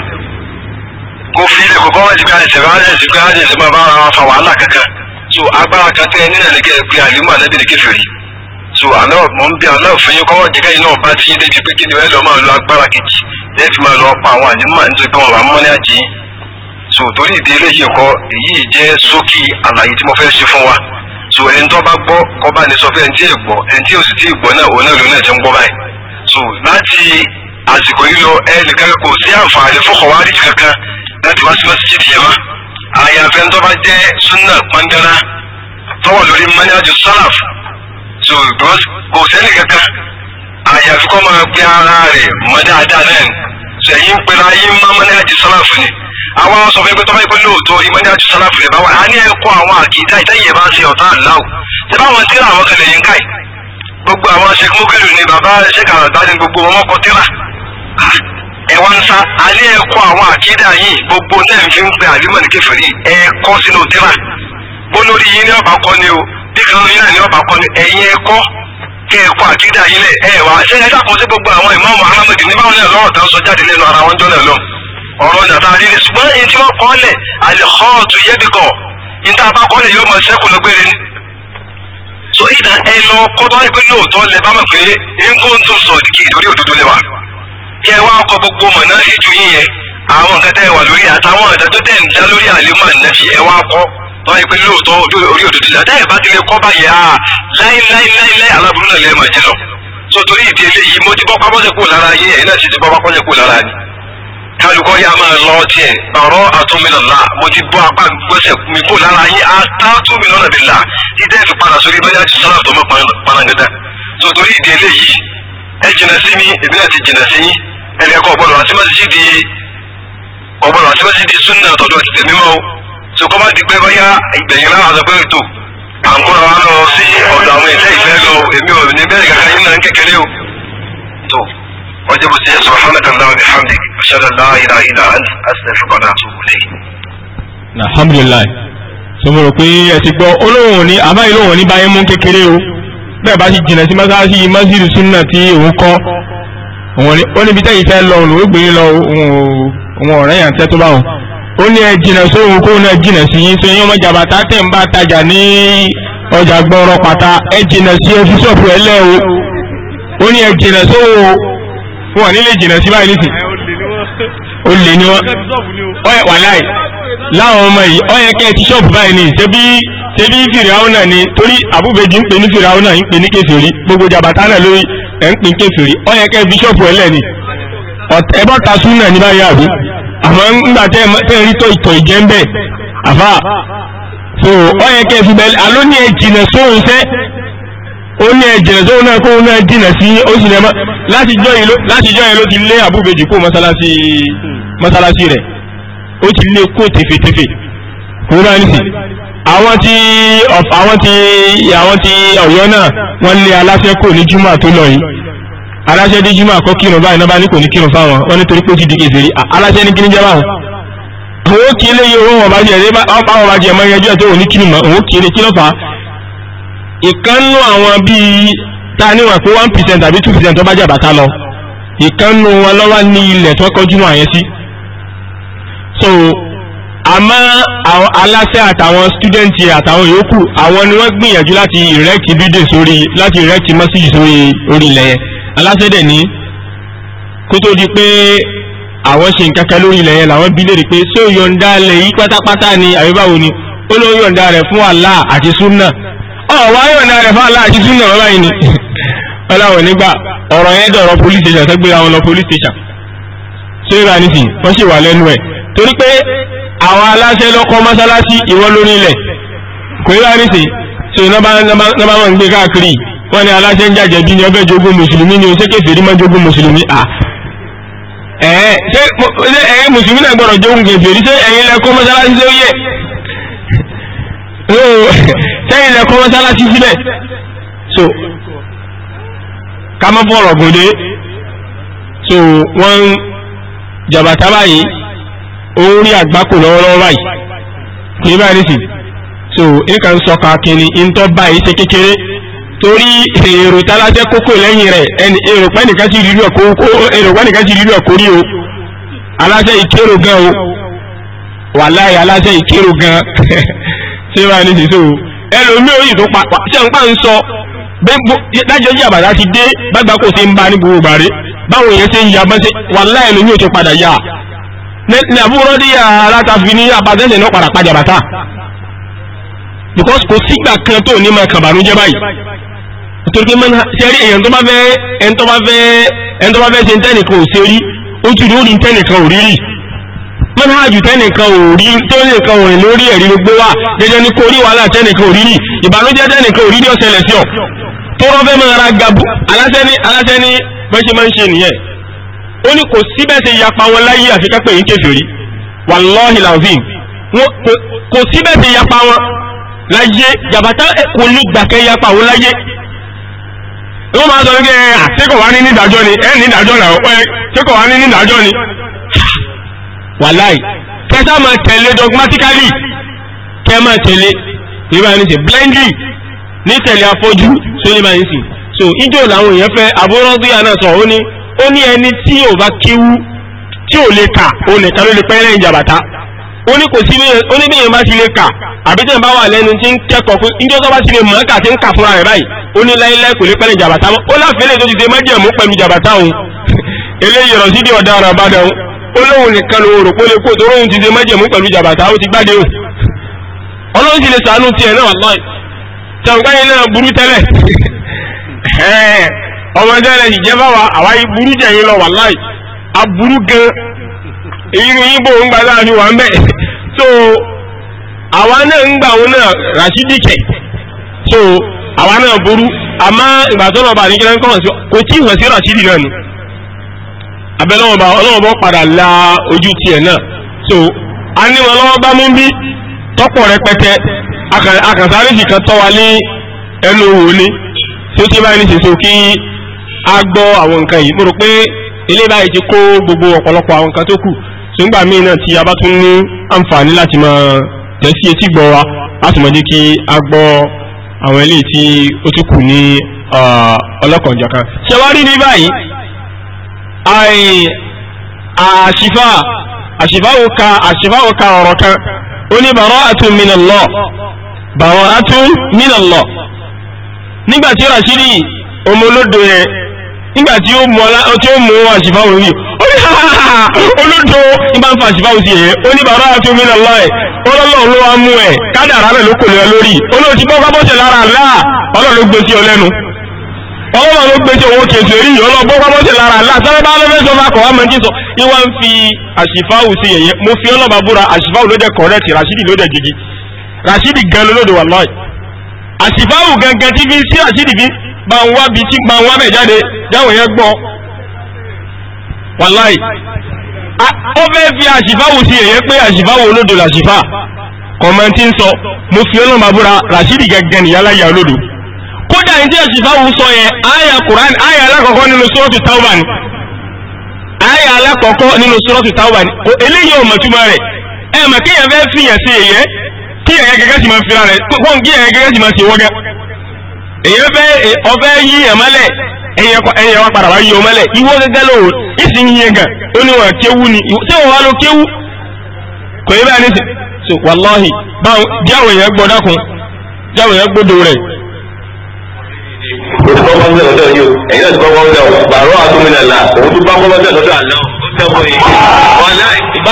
kó fílẹ̀ kó bá wà jìbí àdìsẹ̀ bá àdìsẹ̀ bá àdìsẹ̀ máa bá ara wọn fa wàhálà kankan so agbára kan tẹ́ nínú ẹ̀lẹ́gẹ́ pé àlùmọ́ àlẹ́bí ni kẹfìrí so àná mọ̀ ń bí àná òfin yín kọ́wọ́ jẹ́gẹ́ iná ọba tí ilé ti pé kí ni ẹ lọ máa lo agbára kejì ẹ fi máa lọ pa àwọn àlùmọ́ nítorí pé wọn wà mọ́ ní àjẹ́ yín so torí ìdí eléyìí kọ èyí jẹ́ sókì àlàyé tí mo fẹ́ ṣe fún wa so ẹni tó bá gbọ́ kọ́ bá ní sọ fún ẹni tí ì gbọ́ ẹni tí ò sì tí ì gbọ́ náà òun náà lòun náà ti ń gbọ́ so láti àsìkò yìí lọ ẹnìkan kò sí àǹfààní fọkànwá rí kankan láti wá sí mọ́síjìdì yẹn mọ́ àyàfẹ́ tó bá jẹ́ súnà pọ́ńdẹ́rá tọ́wọ̀ lórí mọ́níájú sọ́làf so because kò sẹ́ni kankan àyàfi kọ́ máa gbé ara rẹ̀ mọ́ dáadáa náà so ẹ̀yin pẹ̀lú ayé mọ́ mọ́níájú sọ́làf ni àwọn sọ fún ẹgbẹ́ tó bá yẹ pé lóòótọ́ ìmọ̀níájú sọ́làf rẹ̀ báwa á ní ẹ̀kọ́ àwọn àkìtá ìtẹ́yẹ̀ bá ń ṣe ọ̀tá àláwò ṣé báwọn tí gbogbo àwọn sheikh mukiru ni bàbá sheikh alabani gbogbo wọn kọ tíra ẹwà ń sa alẹ́ àwọn àkídà yìí gbogbo náà fi ń pe àlímọ̀lì kẹfẹ́rì ẹ̀kọ́ sínú tíra bólórí yín ní ọba kọ́ ni o bí kan yín náà ní ọba kọ́ ni ẹ̀yin ẹ̀kọ́ kẹ́ ẹ̀kọ́ àkídà yín lẹ̀ ẹ̀ wá ṣé ẹ sí gbogbo àwọn ìmáàmù ahmed ní báwọn náà lọ́rọ̀ sọ jáde lẹ́nu ara wọn jọ́nà lọ ọ̀rọ̀ nàta líle ṣùgbọ́n èyí tí wọ́n kọ́ lẹ̀ àlẹ́ họ́ọ̀tù yẹ́bìkọ̀ so ìdá ẹnu ọkọ tó wáyé pé lóòótọ́ lẹ bá mọ̀ pé nǹkan tó sọ kì í torí òdodo lẹ́wà kí ẹ wá ọkọ gbogbo mọ̀ náà sì ju yín yẹn àwọn nǹkan tẹ́ ẹ wà lórí àtàwọn ẹ̀dá tó tẹ̀ ń dá lórí àlẹ́mọ̀ nẹ́fì ẹ wá kọ́ tó wáyé lóòótọ́ orí òdodo lẹ́wà tẹ́ ẹ bá ti kọ́ báyìí à aláburú náà lẹ́ẹ̀mọ̀ jẹ́ lọ so torí ìdí eléyìí mo ti bọ́ pápọ́sẹ̀ kù lára kálukọ́ yà máa lọ tiẹ̀ ọ̀rọ̀ àtúnmílọ̀lá mo ti bọ́ apá gbẹ́sẹ̀ mi kó lára yín àtàtúnmílọ̀lá bí la títẹ́ fi padà sórí bẹ́ẹ̀ ti sọ́nà tó mọ́ panagada nítorí ìdí eléyìí ẹ jìnà sí mi èmi náà ti jìnà sí yín ẹnì ẹ̀kọ́ ọ̀gbọ́dọ̀ àti má ti di ọ̀gbọ́dọ̀ àti má ti di súnà ti tẹ̀mí mọ́ o so kọ́ má di pé báyà ìgbẹ̀yìn náà àti pé ètò à ń kóra wa lọ sí ọ̀dọ̀ àwọn ìtẹ́ ìfẹ́ lọ èmi ò ní bẹ́ẹ̀ kàkà yín náà وجب bó ti yẹ subhanaka Allahumma wa bihamdika ashhadu an la ilaha illa anta astaghfiruka wa atubu ilayk. alhamdulilayi sọmọ rò pé ẹ ti gbọ́ olóhùn ní àbáyé lóhùn ní báyé mú kékeré o bẹ́ẹ̀ bá ti jìnà sí mọ́sáàsì masjid sunna tí òun kọ́ òun ni ó níbi tẹ́yìí fẹ́ lọ òun ò gbé lọ òun ọ̀rẹ́ yàn tẹ́ tó bá wọn ó ní ẹ jìnà sóhun kó náà jìnà sí yín sóyún ọmọ jàmbá tá ń bá tajà ní ọjà gbọ́rọ̀ pátá ẹ jìnà sí ẹ fi ó ní ẹ jìnà sóhun wọn ò ní jìnnà sí báyìí nísìn ó lè ní wọn ọyẹ wàláì láwọn ọmọ yìí ọyẹ kẹ ti ṣọ́ọ̀bù báyìí ní ṣebí ṣebí fìrìhàwùnà ni torí ń pè ní fìrìhàwùnà ń pè ní gbogbo jàbátà náà lórí ẹ̀ ń pè ní kẹ ta ní báyìí àbí àmọ́ ńgbà tẹ́ rí tó ìtọ̀ ìjẹ́ ń bẹ̀ àfà so kẹ fi bẹ́ẹ̀ alóní ó ní ẹ jìnà tó náà kó náà jìnà sí ó sì lẹ́mọ́ látijọ́ yìí ló ti lé àbúbejì kó mọ́sálásí rẹ̀ ó ti lé kó tefetefe kó náà nìsí àwọn tí àwọn tí àwọn tí ọ̀yọ́ náà wọ́n lé aláṣẹ kò ní júmọ̀ tó lọ yìí aláṣẹ dé júmọ̀ àkọ́ kírun báyìí náà bá ní kò ní kírun fáwọn wọn nítorí pé ó ti di kèfèrí aláṣẹ ní kí ní jẹ́ báwọn òun kí lè yí òun ọ̀bájẹ́ àwọn ọ̀bájẹ́ mọ́ ẹjọ́ tó òun ní kírun mọ́ òun kí lè kí lọ́fàá ìkánnú àwọn bíi ta ní wà pé one percent àbí two percent tó bá jà bàtà lọ ìkánnú wọn lọ́wọ́ ní ilẹ̀ tó kọjú mọ́ àyẹ́ so àmọ́ aláṣẹ àtàwọn stúdẹ̀ǹtì àtàwọn yòókù àwọn ni wọ́n gbìyànjú láti ìrẹ́kì bídè sórí láti ìrẹ́kì mọ́síjì sórí orí ilẹ̀ yẹn aláṣẹ dẹ̀ ní kó tó di pé àwọn ṣe nǹkan kan lórí ilẹ̀ yẹn làwọn bí léèrè pé ṣé ó yọ̀ǹda ilẹ̀ pátápátá ni àbí báwo ni ó ló yọ̀ǹda fún Allah àti súnà ọ̀wá yóò náà rẹ̀ fún aláàjì tún náà báyìí ni ọláwọ̀ nígbà ọ̀rọ̀ yẹn dọ̀rọ̀ police station tó gbéra wọn lọ police station tó yẹra nísìnyí wọ́n sì wà lẹ́nu ẹ̀ torí pé àwọn aláṣẹ lọ́kọ́ mọ́sálásí ìwọ lórí ilẹ̀ kò yẹra nísìnyí tó iná bá wọn gbé káàkiri wọ́n ní aláṣẹ ń jàjẹ́ bí ní ọbẹ̀ jogún mùsùlùmí ni oṣù kẹfìrí mọ́ jogún mùsùlùmí à ẹ̀ẹ́ ṣé ẹ̀yin mùsùlùmí náà gbọ́dọ̀ jogún kẹfìrí ṣé ẹ̀yin lẹ́kọ́ mọ́sálásí tó yẹ sẹ́yìn lẹ kọ́ mọ́sálásí síbẹ̀ so ká má bọ̀rọ̀ gòdè so wọ́n ń jàbàtà báyìí ó ń rí àgbákò lọ́wọ́lọ́wọ́ báyìí kò ní báyìí nìsí so nǹkan sọ kakiri ntọ́ báyìí ṣe kékeré torí èrò tálájẹ́ kókó lẹ́yìn rẹ̀ ẹni èrò pẹ́nìkan ti rí rẹ̀ kó èrò pẹ́nìkan ti o aláṣẹ ìkérò gan o wàláyé aláṣẹ ìkérò gan ṣé báyìí ní sísè o ẹlòmíì òyìn tó pa ṣé n pa ń sọ dájọ́ yí àbàdà ti dé kò sí ń ba ní gbogbo gbàrí báwọn èèyàn ṣe ń ya bẹ́sẹ̀ wàláhì ẹlòmíì ò ti padà yá ní àbúrò dí alátafi ní náà padà bàtà because kò sígbà kan tó ní máa báyìí pé mẹ́ta ṣe rí èèyàn tó bá fẹ́ tó bá fẹ́ tó manhajù tẹ́nìkan ò rí tó nìkan ò rìn lórí ẹ̀rí gbogbo wà jẹjẹ ní kó rí wàhálà tẹ́nìkan ò rí rí ìbànújẹ́ tẹ́nìkan ò rí rí sí gabu aláṣẹ ní aláṣẹ ní bẹ́ṣe máa ń ṣe nìyẹn ó ní kò sí ṣe yapa wọn láyé àfi kápẹ́ yìí kèfèrí wàlọ́hì làzim kò sí ṣe yapa wọn láyé jàbátá kò ní gbàkẹ́ wàláì kẹta máa tẹ̀lé dogmatically kẹ máa tẹ̀lé ìbá ní sè blindly ní tẹ̀lé afọ́jú sóyè bá ní sè so ìjọ làwọn èèyàn fẹ́ àbúrọ́dúyà náà sọ ó ní ó ní ẹni tí ò bá kéwú tí ò lè kà ó nìkan ló lè pẹ́ lẹ́yìn jàbàtà ó ní kò sí ó ní bíyẹn bá ti lè kà àbí tẹ̀ bá wà lẹ́nu tí ń kẹ́kọ̀ọ́ pé ìjọ tó bá ti lè mọ̀ọ́kà tí ń kà fúnra rẹ̀ báyìí ó ní láíláí kò lè pẹ́ lẹ́yìn jàbàtà ó láfẹ́lẹ́ tó ti ṣe májẹ̀mú pẹ̀lú jàbàtà òun eléyìí rọ̀ sídìí ọ̀daràn àbádàn olóhùn nìkan ló rò pé lè tó lóhùn ti dé májẹ̀mú pẹ̀lú jàbàtà ó ti gbádé o ọlọ́run ti lè sàánú tiẹ̀ náà lọ́ọ̀ tẹ̀wọ́gbáyé náà burú tẹ́lẹ̀ ọmọdé rẹ̀ ìjẹ́ bá wa àwa yìí burú jẹ̀ yín lọ wà aburú gan èyí ni yín bò ń gbà wà ń bẹ̀ so àwa náà ń gbà wọn náà kẹ̀ so àwa náà burú àmọ́ ìgbà tó lọ́ọ́ kí lẹ́ńkọ́ Rashidi náà abẹ́lẹ́wọ̀n bá ọlọ́wọ́n padà la ojú tiẹ̀ náà so a ní wọn lọ́wọ́ bá mú bí tọ́pọ̀ rẹpẹtẹ akànsáríjì kan tọ́ wa ní ẹnu òwò ni tí ó ti báyìí ní ṣèṣe kí a gbọ́ àwọn nǹkan yìí mo rò pé ilé báyìí ti kó gbogbo ọ̀pọ̀lọpọ̀ àwọn nǹkan tó kù tó ń gbà míì náà tí a bá tún ní àǹfààní láti máa tẹ̀sí etí gbọ́ wa láti máa jẹ́ kí a gbọ́ àwọn eléyìí tí ó ti kù ní ọlọ́kànjọ̀kan ṣe wá rí ní báyìí a àṣìfàwò ka àṣìfàwò ka ọ̀rọ̀ kan ó ní bara'atun min Allah bara'atun min Allah nígbà tí rashidi ọmọ olódo yẹn o mú àṣìfàwò yìí ó ní olódo nígbà ń fa àṣìfàwò sí yẹn ó ní bara'atun min Allah ẹ̀ ọlọ́lọ́ ọlọ́wọ́ ló gbé tí owó kèsì orí yìí ọlọ́gbọ́ pamọ́sí lára àlá sábẹ́ bá lọ́fẹ́ sọ fakọ̀ wá mọ̀ kí sọ ìwà ń fi àṣìfáwù sí yẹ̀yẹ́ mo fi ọlọ́ba búra àṣìfáwù ló dẹ̀ kọ̀rẹ́tì rashidi ló dẹ̀ jìgì rashidi gan lólódò wà lọ́ọ̀ì àṣìfáwù gangan tí fi sí rashidi fi bá ń wá bi tí bá ń wá bẹ̀ jáde jáwọ̀ yẹn gbọ́ wàláì ó fẹ́ fi àṣìfáwù sí yẹ̀yẹ́ pé àṣìfáwù olódò làṣìfá kọ̀mọ̀ tí ń sọ mo fi ọlọ́ba búra rashidi gangan nìyálàyà olódò kódà ní tí ẹ̀ ya wù sọ yẹn àyà Qur'an àyà alákọ̀ọ́kọ́ nínú sọ́ọ̀tù tauba ni àyà alákọ̀ọ́kọ́ nínú sọ́ọ̀tù tauba ni eléyìí ò mọ̀túmọ̀ rẹ̀ ẹ mọ̀ kí yẹn fẹ́ fi sí èyẹ kí yẹn gẹ́gẹ́ sì máa fira rẹ̀ pọ́n kí gẹ́gẹ́ sì máa wọ́gẹ́ fẹ́ yí padà wá yí o mọ́lẹ̀ òtún kọ́kọ́ ń bẹ̀ lọ́dọ̀ yìí o ẹ̀yin náà ti kọ́kọ́ ń bẹ̀ o bàárọ̀ àtúmìnà là òun tún bá kọ́kọ́ bẹ̀ lọ́dọ̀ àná tẹ́kọ̀ọ́ yìí. bá a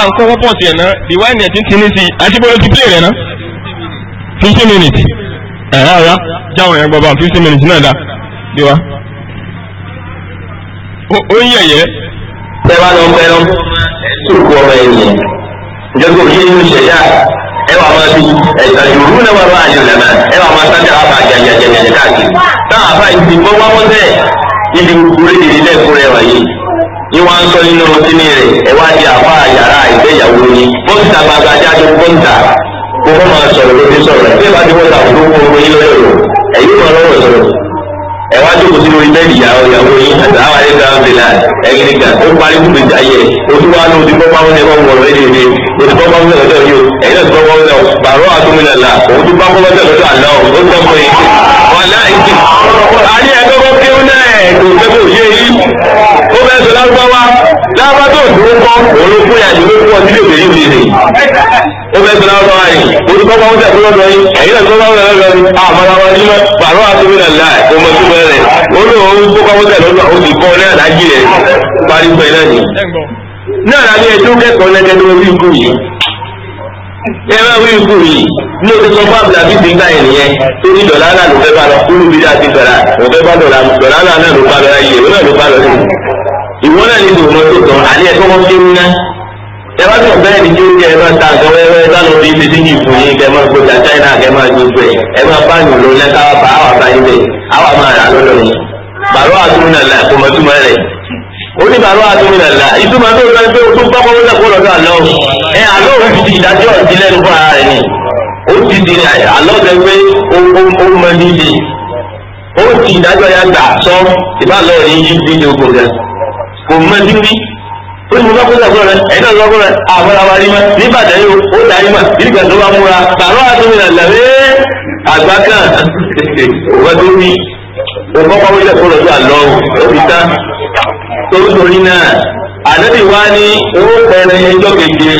ń kọ́kọ́ pọ̀ sí ẹ̀ náà the wine ẹ̀ ti ń tiní sí i àti bọ́lá ti plé rẹ̀ náà fifteen minutes ẹ̀rọ ara jáwọ̀ yẹn gbọ́ bá fifteen minutes náà dá bí wa. ó ń yẹ̀yẹ́. bẹ́ẹ̀ bá lọ bẹ́ẹ̀ lọ sùkú ọmọ ẹ̀yìn ẹ wà máa ti ẹ̀sán ìrú náà wà máa yọ̀ lẹ́nà ẹ wà máa sájà àbá jẹjẹjẹjẹ káàkiri táwọn àbá ìdí mọ́ wá wọ́n tẹ̀ ibi kúrẹ́ ìdí lẹ́kùn rẹ̀ wà yìí ní wọ́n á sọ nínú sínú rẹ̀ ẹ wá di àbá yàrá ìgbéyàwó ni bọ́ǹtà gbàgbà jáde bọ́ǹtà gbogbo máa sọ̀rọ̀ lórí sọ̀rọ̀ ẹ̀ bá ti wọ́n ta gbogbo gbogbo yín lọ́yọ̀rọ̀ ẹ̀yìn máa lọ́wọ́ sọ̀rọ̀ ẹ̀ wá jókòó sí lórí bẹ́ẹ̀dì ìyàwó ìyàwó yín àtàwọn ẹ̀dá ń bèèrè ẹ̀yìn nìkan ó parí kúbi jáyẹ ojú wa ló ti gbọ́ pàmò ní ẹ̀kọ́ wọ̀rọ̀ ẹ̀dẹ̀ẹ̀dẹ̀ olùkọ́ bá wọlé lọ́dọ̀ yìí o ẹ̀yìn náà tó bá wọlé lọ bàárọ̀ àtúnmílẹ̀ là òun tó bá kọ́ lọ́dọ̀ lọ́dọ̀ àná o ó tọ́ mọ́ yìí wọn láì kí. àní ẹgbẹ́ kọ́ kí ó náà ẹ̀dùn fẹ́ kò yé yìí ó fẹ́ sọ lárúbáwá lárúbá tó dúró kọ́ olùkọ́ yà ní olùkọ́ tí lè bèyí mi ni. ó fẹ́ sọ lárúbáwá yìí olùkọ́ bá wọlé lọ́dọ̀ yìí ẹ̀yìn náà tó bá wọlé lọ́dọ̀ yìí àmàlàwà ní mọ́ bàárọ̀ àtúnmílẹ̀ là òun mọ̀ tó bẹ̀rẹ̀ olùkọ́ tó bá wọlé lọ́dọ̀ náà rà ní ẹjọ́ kẹ́kọ̀ọ́ lẹ́gẹ́ tó wí ikú yìí ẹ bá wí ikú yìí ní oṣù tó bá bìlà bíbí gbà yẹn nìyẹn tó ní dọ̀là náà ló fẹ́ bá lọ kúrú bí dáa ti dọ̀là òfẹ́ bá dọ̀là dọ̀là náà náà ló bá lọ yìí èwe náà ló bá lọ sí ìwọ náà ní ìdòwò tó tán àní ẹ tọwọ́ sí ní náà ẹ bá tọ̀ bẹ́ẹ̀ ni kí ó yẹ ẹ bá ta nǹkan wẹ́wẹ́ sánú bí ti dín ìfún yín kẹ máa gbọdọ̀ China kẹ máa gbogbo ẹ ẹ máa bá yín lọ lẹ́ka bá àwọn àbáyé bẹ́ẹ̀ àwọn máa rà lọ́dọ̀ yín bàrọ̀ àtúnú náà lẹ́ àtọmọtúmọ rẹ̀ oníbàárọ̀ àtúnmìnà là ìtumọ̀ tó rẹ̀ pé o tún bá kọ́kọ́ lẹ́kọ́ lọ́dọ̀ àlọ́ ẹ àlọ́ òun ti ìdájọ́ ọ̀dí lẹ́nu fún ara rẹ̀ ni ó ti di àlọ́ rẹ̀ pé ó mọ níbi ó ti ìdájọ́ ya gbà sọ ìbálẹ̀ rẹ̀ yí bí ní ogun rẹ̀ kò mọ níbi ó ní mo bá kọ́kọ́ lẹ́kọ́ rẹ̀ ẹ̀yin náà lọ́kọ́ rẹ̀ àbúrò wa rí mọ́ nígbàdàn yóò ó dà rí mọ́ nígbà tó bá múra bàrọ̀ àtúnmìnà là ẹ̀kọ́ pàwọ́ ilẹ̀ kọ́lọ̀ sí àlọ́ òbí tán torítorí náà ànábì wá ní owó pẹ̀rẹ̀ ẹjọ́ keje.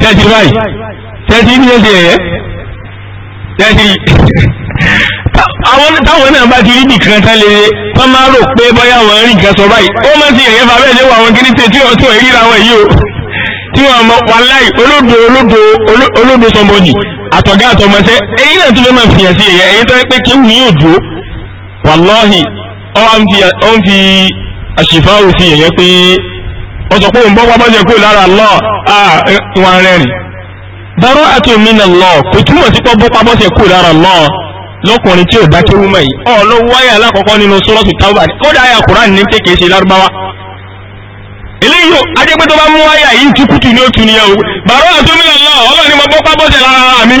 tẹ́tí báyìí tẹ́tí ní oṣù ẹ̀yẹ tẹ́tí àwọn táwọn náà bá ti rí nìkan tán lè tán máa rò pé bóyá wọn rí nǹkan sọ báyìí ó má ti ẹ̀yẹ fàbẹ́ léwu àwọn kiri tẹ tí ọtún ẹ̀rí ra wọn yìí o tí wọn mọ wàláì olódo olódo olódo sọmọdì àtọ̀gá àtọmọṣẹ́ èyí náà tún fẹ́ máa fìyà sí ẹ̀yẹ èyí tó yẹ pé kéwù yóò dúró wàlọ́hì ó ń fi àṣìfà òfin èèyàn pé ó sọ pé òun bọ́ wọ́n bá jẹ́ kúrò lára lọ́ àwọn rẹ́rìn bọ́rọ̀ àti òmìnà lọ kò túmọ̀ sí pọ́ bọ́pá bọ́sẹ̀ kúrò lára lọ́ lọ́kùnrin tí ò bá kéwú mọ̀ yìí ọ̀ ló wáyà alákọ̀ọ́kọ́ nínú sọ́lọ́tù tábà kódà àyà kùránì ní kéèké ṣe lárúbáwá eléyìí ajẹ́pẹ́ tó bá mú wáyà yìí ní lọ ọlọ́run mo bọ́ pábọ́sẹ̀ lára mi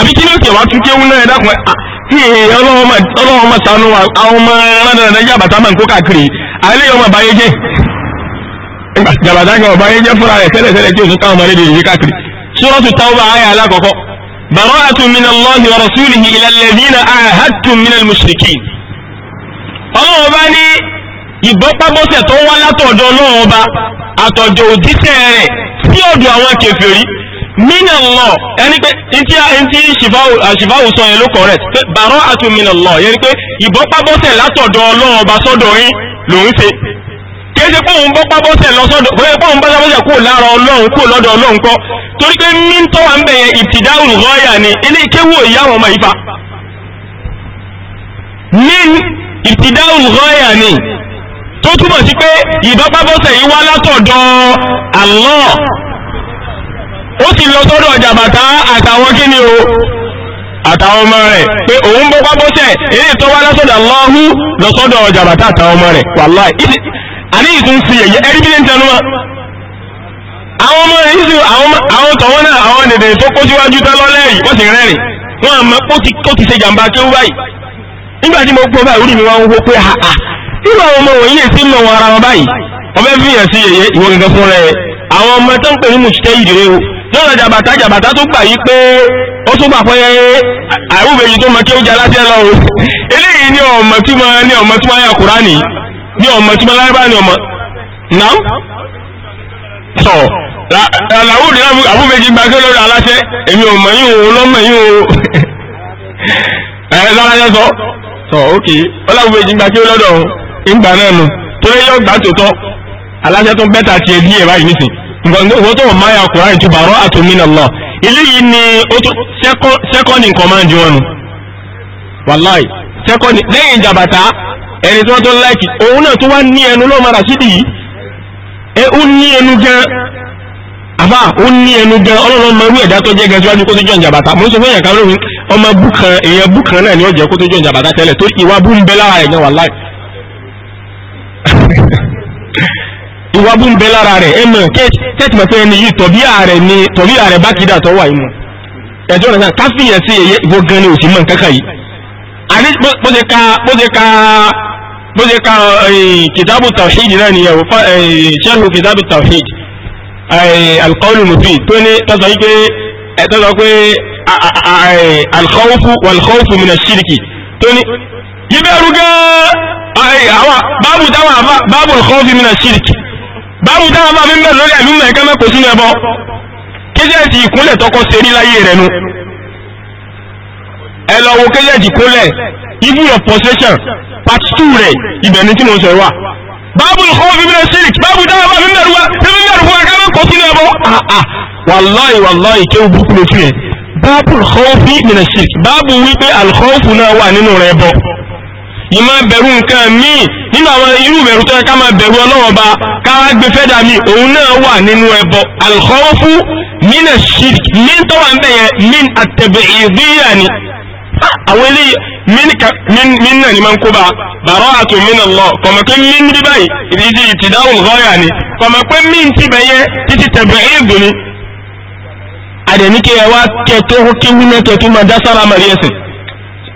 àbí kí ló tẹ̀ wá tún kéwú tí ọlọ́wọ́ mọ̀ sánú àwọn ọmọ rádàrádà jàbàtà máa ń kó káàkiri àìlèyàn ọmọ àbáyé jẹ́ jàbàtà kan ọ̀báyé jẹ́ fúnra rẹ̀ tẹ́lẹ̀tẹ́lẹ̀ tí òsùn káwọn ọmọ rédíò yìí káàkiri Suratu wa rasulihi ila alladhina ahadtum min al-mushrikin minallah ẹni pé ntí ntí ṣìfáwù sọ yẹn ló correct pé bàrọ́ àtún minallah yẹn ni pé ìbọ́pábọ́sẹ̀ látọ̀dọ̀ ọlọ́run ọba sọ́dọ̀ yín lòún ṣe kìí ṣe pé òun bọ́pábọ́sẹ̀ lọ sọ́dọ̀ bóyá pé òun bọ́pábọ́sẹ̀ kúrò lára ọlọ́run kúrò lọ́dọ̀ ọlọ́run kọ́ torí pé mí ń tọ́wà ń bẹ̀yẹ ìtìdáhùn rọ́ọ̀yà ni ilé ìkéwò ìyá àwọn ọmọ ìfà min ìtìdáhùn rọ́ọ̀yà ni tó túmọ̀ sí pé ìbọ́pábọ́sẹ̀ yìí wá látọ̀dọ̀ Allah ó ti lọ sọ́dọ̀ jàbàtà àtàwọn kí ni o àtàwọn ọmọ rẹ̀ pé òun bọ́ pápọ́sẹ̀ èyí tó wá lọ́sọ̀dọ̀ Allahu lọ́sọ̀dọ̀ jàbàtà àtàwọn ọmọ rẹ̀ wàláì àní ìtún sí ẹ̀yẹ ẹ̀rí bí ní tẹnu àwọn ọmọ rẹ̀ àwọn tọ̀wọ́n náà àwọn tó kó síwájú lọ́lẹ́ yìí wọ́n rẹ́rìn àmọ́ ó ti ṣe jàǹbá kéwú báyìí nígbà tí mo gbọ́ lọ́nà jàbàtà jàbàtà tó gbà yí pé ó tún gbà fọyẹ́ àrùbẹ̀yì tó mọ kí ó jẹ aláṣẹ lọ o eléyìí ní ọmọ tí mo ní ọmọ tí mo ayé àkùránì ní ọmọ tí mo lárúbá ní ọmọ náà sọ làwùdí àrùbẹ̀yì gbà kí ó lọ́dọ̀ aláṣẹ èmi ò mọ̀ o lọ́mọ yín o ẹ̀ lọ́lájẹ sọ sọ ok ọlọ́rùbẹ̀yì gbà kí ó lọ́dọ̀ ìgbà náà nù torí yọ gbà tó tọ́ aláṣẹ tó bẹ́tà tiẹ̀ díẹ̀ báyìí nísìnyí ìwọ́n tó wọ́n máa ya Kùránì ju bàárọ̀ àtòmínà lọ ilé yìí ni second in command wọn nù wàláì second lẹ́yìn ìjàbàtà ẹni tí wọ́n tó láìkì òun náà tó wá ní ẹnu lọ́wọ́ mara ti yìí ẹ ó ní ẹnu gan àbá ó ní ẹnu gan ọlọ́run ọmọ irú ẹ̀dá tó jẹ́ gan síwájú kó tó jọ ìjàbàtà mo ń sọ fún ẹ̀yàn kan lóhun ọmọ bú èèyàn bú náà ni ó jẹ́ kó tó jọ ìjàbàtà tẹ́lẹ̀ tó ìwà bú ń ìwà bú ń bẹ lára rẹ̀ ẹ mọ̀ kẹ́ẹ̀tì mọ̀ pé ẹni yìí tọ̀bí ààrẹ ni tọ̀bí ààrẹ bá kìdá tọ́wà inú ẹjọ́ rẹ̀ náà káfíyàn sí èyẹ ìwọ gan ni òsì mọ̀ kankan yìí àní bó ṣe ka bó ṣe ka bó ṣe ka kìtàbù tawhid náà nìyẹn o ṣẹ́hù kìtàbù tawhid alqawlu mufid tó ní tọ́sọ̀ yìí pé tọ́sọ̀ pé alkhawfu walkhawfu min ashirki tó ní yìí bẹ́ẹ̀ rú gan báàbù táwọn báàbù alkhawfi min ashirki sáàrù táwọn bá fi ń bẹ̀rù lórí ẹ̀lú mẹ́ẹ̀kẹ́ mẹ́kò sínú ẹbọ kéjẹ́ẹ̀tì ìkúnlẹ̀ tọkọ ṣe rí láyé rẹ̀ nu ẹ lọ wo kéjẹ́ẹ̀tì ìkúnlẹ̀ ibu of possession part two rẹ̀ ibẹ̀ ni tí mo sọ wà. báàbù ìkọ́ fi bẹ̀rẹ̀ sílìk báàbù táwọn bá fi ń bẹ̀rù wá fi ń bẹ̀rù fún ẹ̀kẹ́ mẹ́kò sínú ẹbọ. wàláì wàláì kéwù burúkú ló fi yẹn báàbù ìkọ́ fi bẹ̀rẹ̀ sílìk báàbù wípé àlùkọ́ ìmọ̀ bẹ̀rù nǹkan míì nínú àwọn irú bẹ̀rù tó yẹ ká máa bẹ̀rù ọlọ́wọ́n ba káwá gbé fẹ́ dà mí òun náà wà nínú ẹbọ alkhawfu mina shirk min tó wà ń bẹ̀yẹ min àtẹ̀bẹ̀ẹ́dìyà ni ah, àwọn eléyìí min ka min min náà ni máa ń kó ba bara'atu min Allah kọ̀mọ̀ pé min bí báyìí ìdíjì ìtìdáhùn lọ́ọ̀yà ni kọ̀mọ̀ pé min ti bẹ̀yẹ títí tẹ̀bẹ̀ẹ́dì ni àdẹ̀ní kí ẹ wá kẹ tó kí wí mẹ́kẹ tó máa dá sára màrí ẹ̀sìn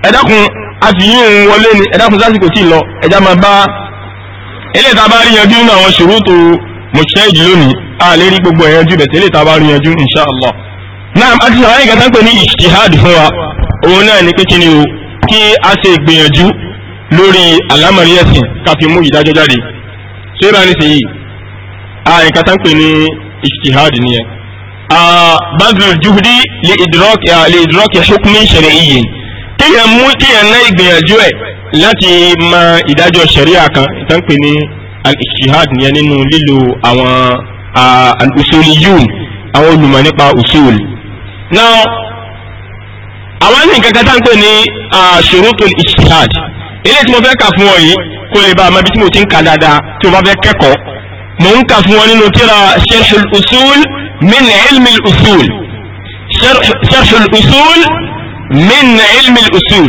ẹ̀dákun a sì yí òun wọlé ni ẹ̀dá fún sásìkò tí ì lọ ẹ̀dá máa bá eléyìí tá a bá rí yanjú nínú àwọn ṣòrótò mujtahid lónìí a lè rí gbogbo ẹ̀yanjú bẹ̀ tẹ́lẹ̀ tá a bá rí yanjú insha Allah. náà a ti sọ̀rọ̀ ayé gàtá ń pè ní ijtihad fún wa òun náà ni pé kí ni o kí a ṣe ìgbìyànjú lórí àlámọ̀rí ẹ̀sìn ká fi mú ìdájọ́ jáde ṣé bá ní sèyí ààyè gàtá ń pè ní ijtihad nìyẹn. badru juhdi li idraki li idraki téèyàn mú téèyàn ná ìgbìyànjú ẹ̀ láti mọ ìdájọ́ ṣẹ̀ríà kan tó ń pè ní al-ijtihad nìyẹn nínú lílo àwọn al-usuliyun àwọn olùmọ̀ nípa usul. now àwọn ní nǹkan kan tá ń pè ní shurutul ijtihad ilé tí mo fẹ́ kà fún ọ yìí kó lè bá a mọ ibi tí mo ti ń kà dáadáa tí mo bá fẹ́ kẹ́kọ̀ọ́ mo ń kà fún ọ nínú tíra sharhul usul min ilmi usul sharhul usul min ilmi usul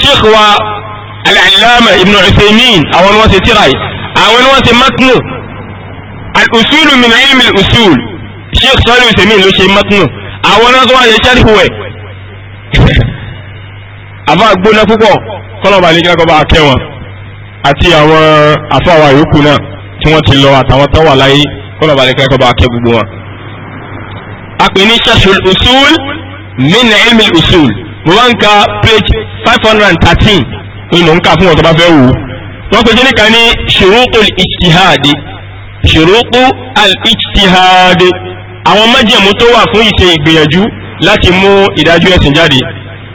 sheikh wa al-allama ibn Uthaymin àwọn wọn ṣe tíra yìí àwọn wọn ṣe matnu al-usulu min ilmi usul sheikh sọ́lá Uthaymin ló ṣe matnu àwọn wọn ṣe wá ṣe ṣẹ́rífù ẹ̀ àbá gbóná púpọ̀ kọ́lọ̀bà ní kílákọ́bà akẹ́wọn àti àwọn afáwà yòókù náà tí wọ́n ti lọ àtàwọn tó wà láyé kọ́lọ̀bà ní kílákọ́bà akẹ́ gbogbo wọn. a pè ní ṣẹ́ṣul usul min ilmi usul mo máa ń ka page five hundred and thirteen ni mò ń kà fún ọ̀tọ̀ bá fẹ́ wò ó wọ́n pe jẹ́nìkan ní ṣòrókò ìtìhàdì ṣòrókò ìtìhàdì àwọn májẹ̀mú tó wà fún ìṣe ìgbìyànjú láti mú ìdájọ́ ẹ̀sìn jáde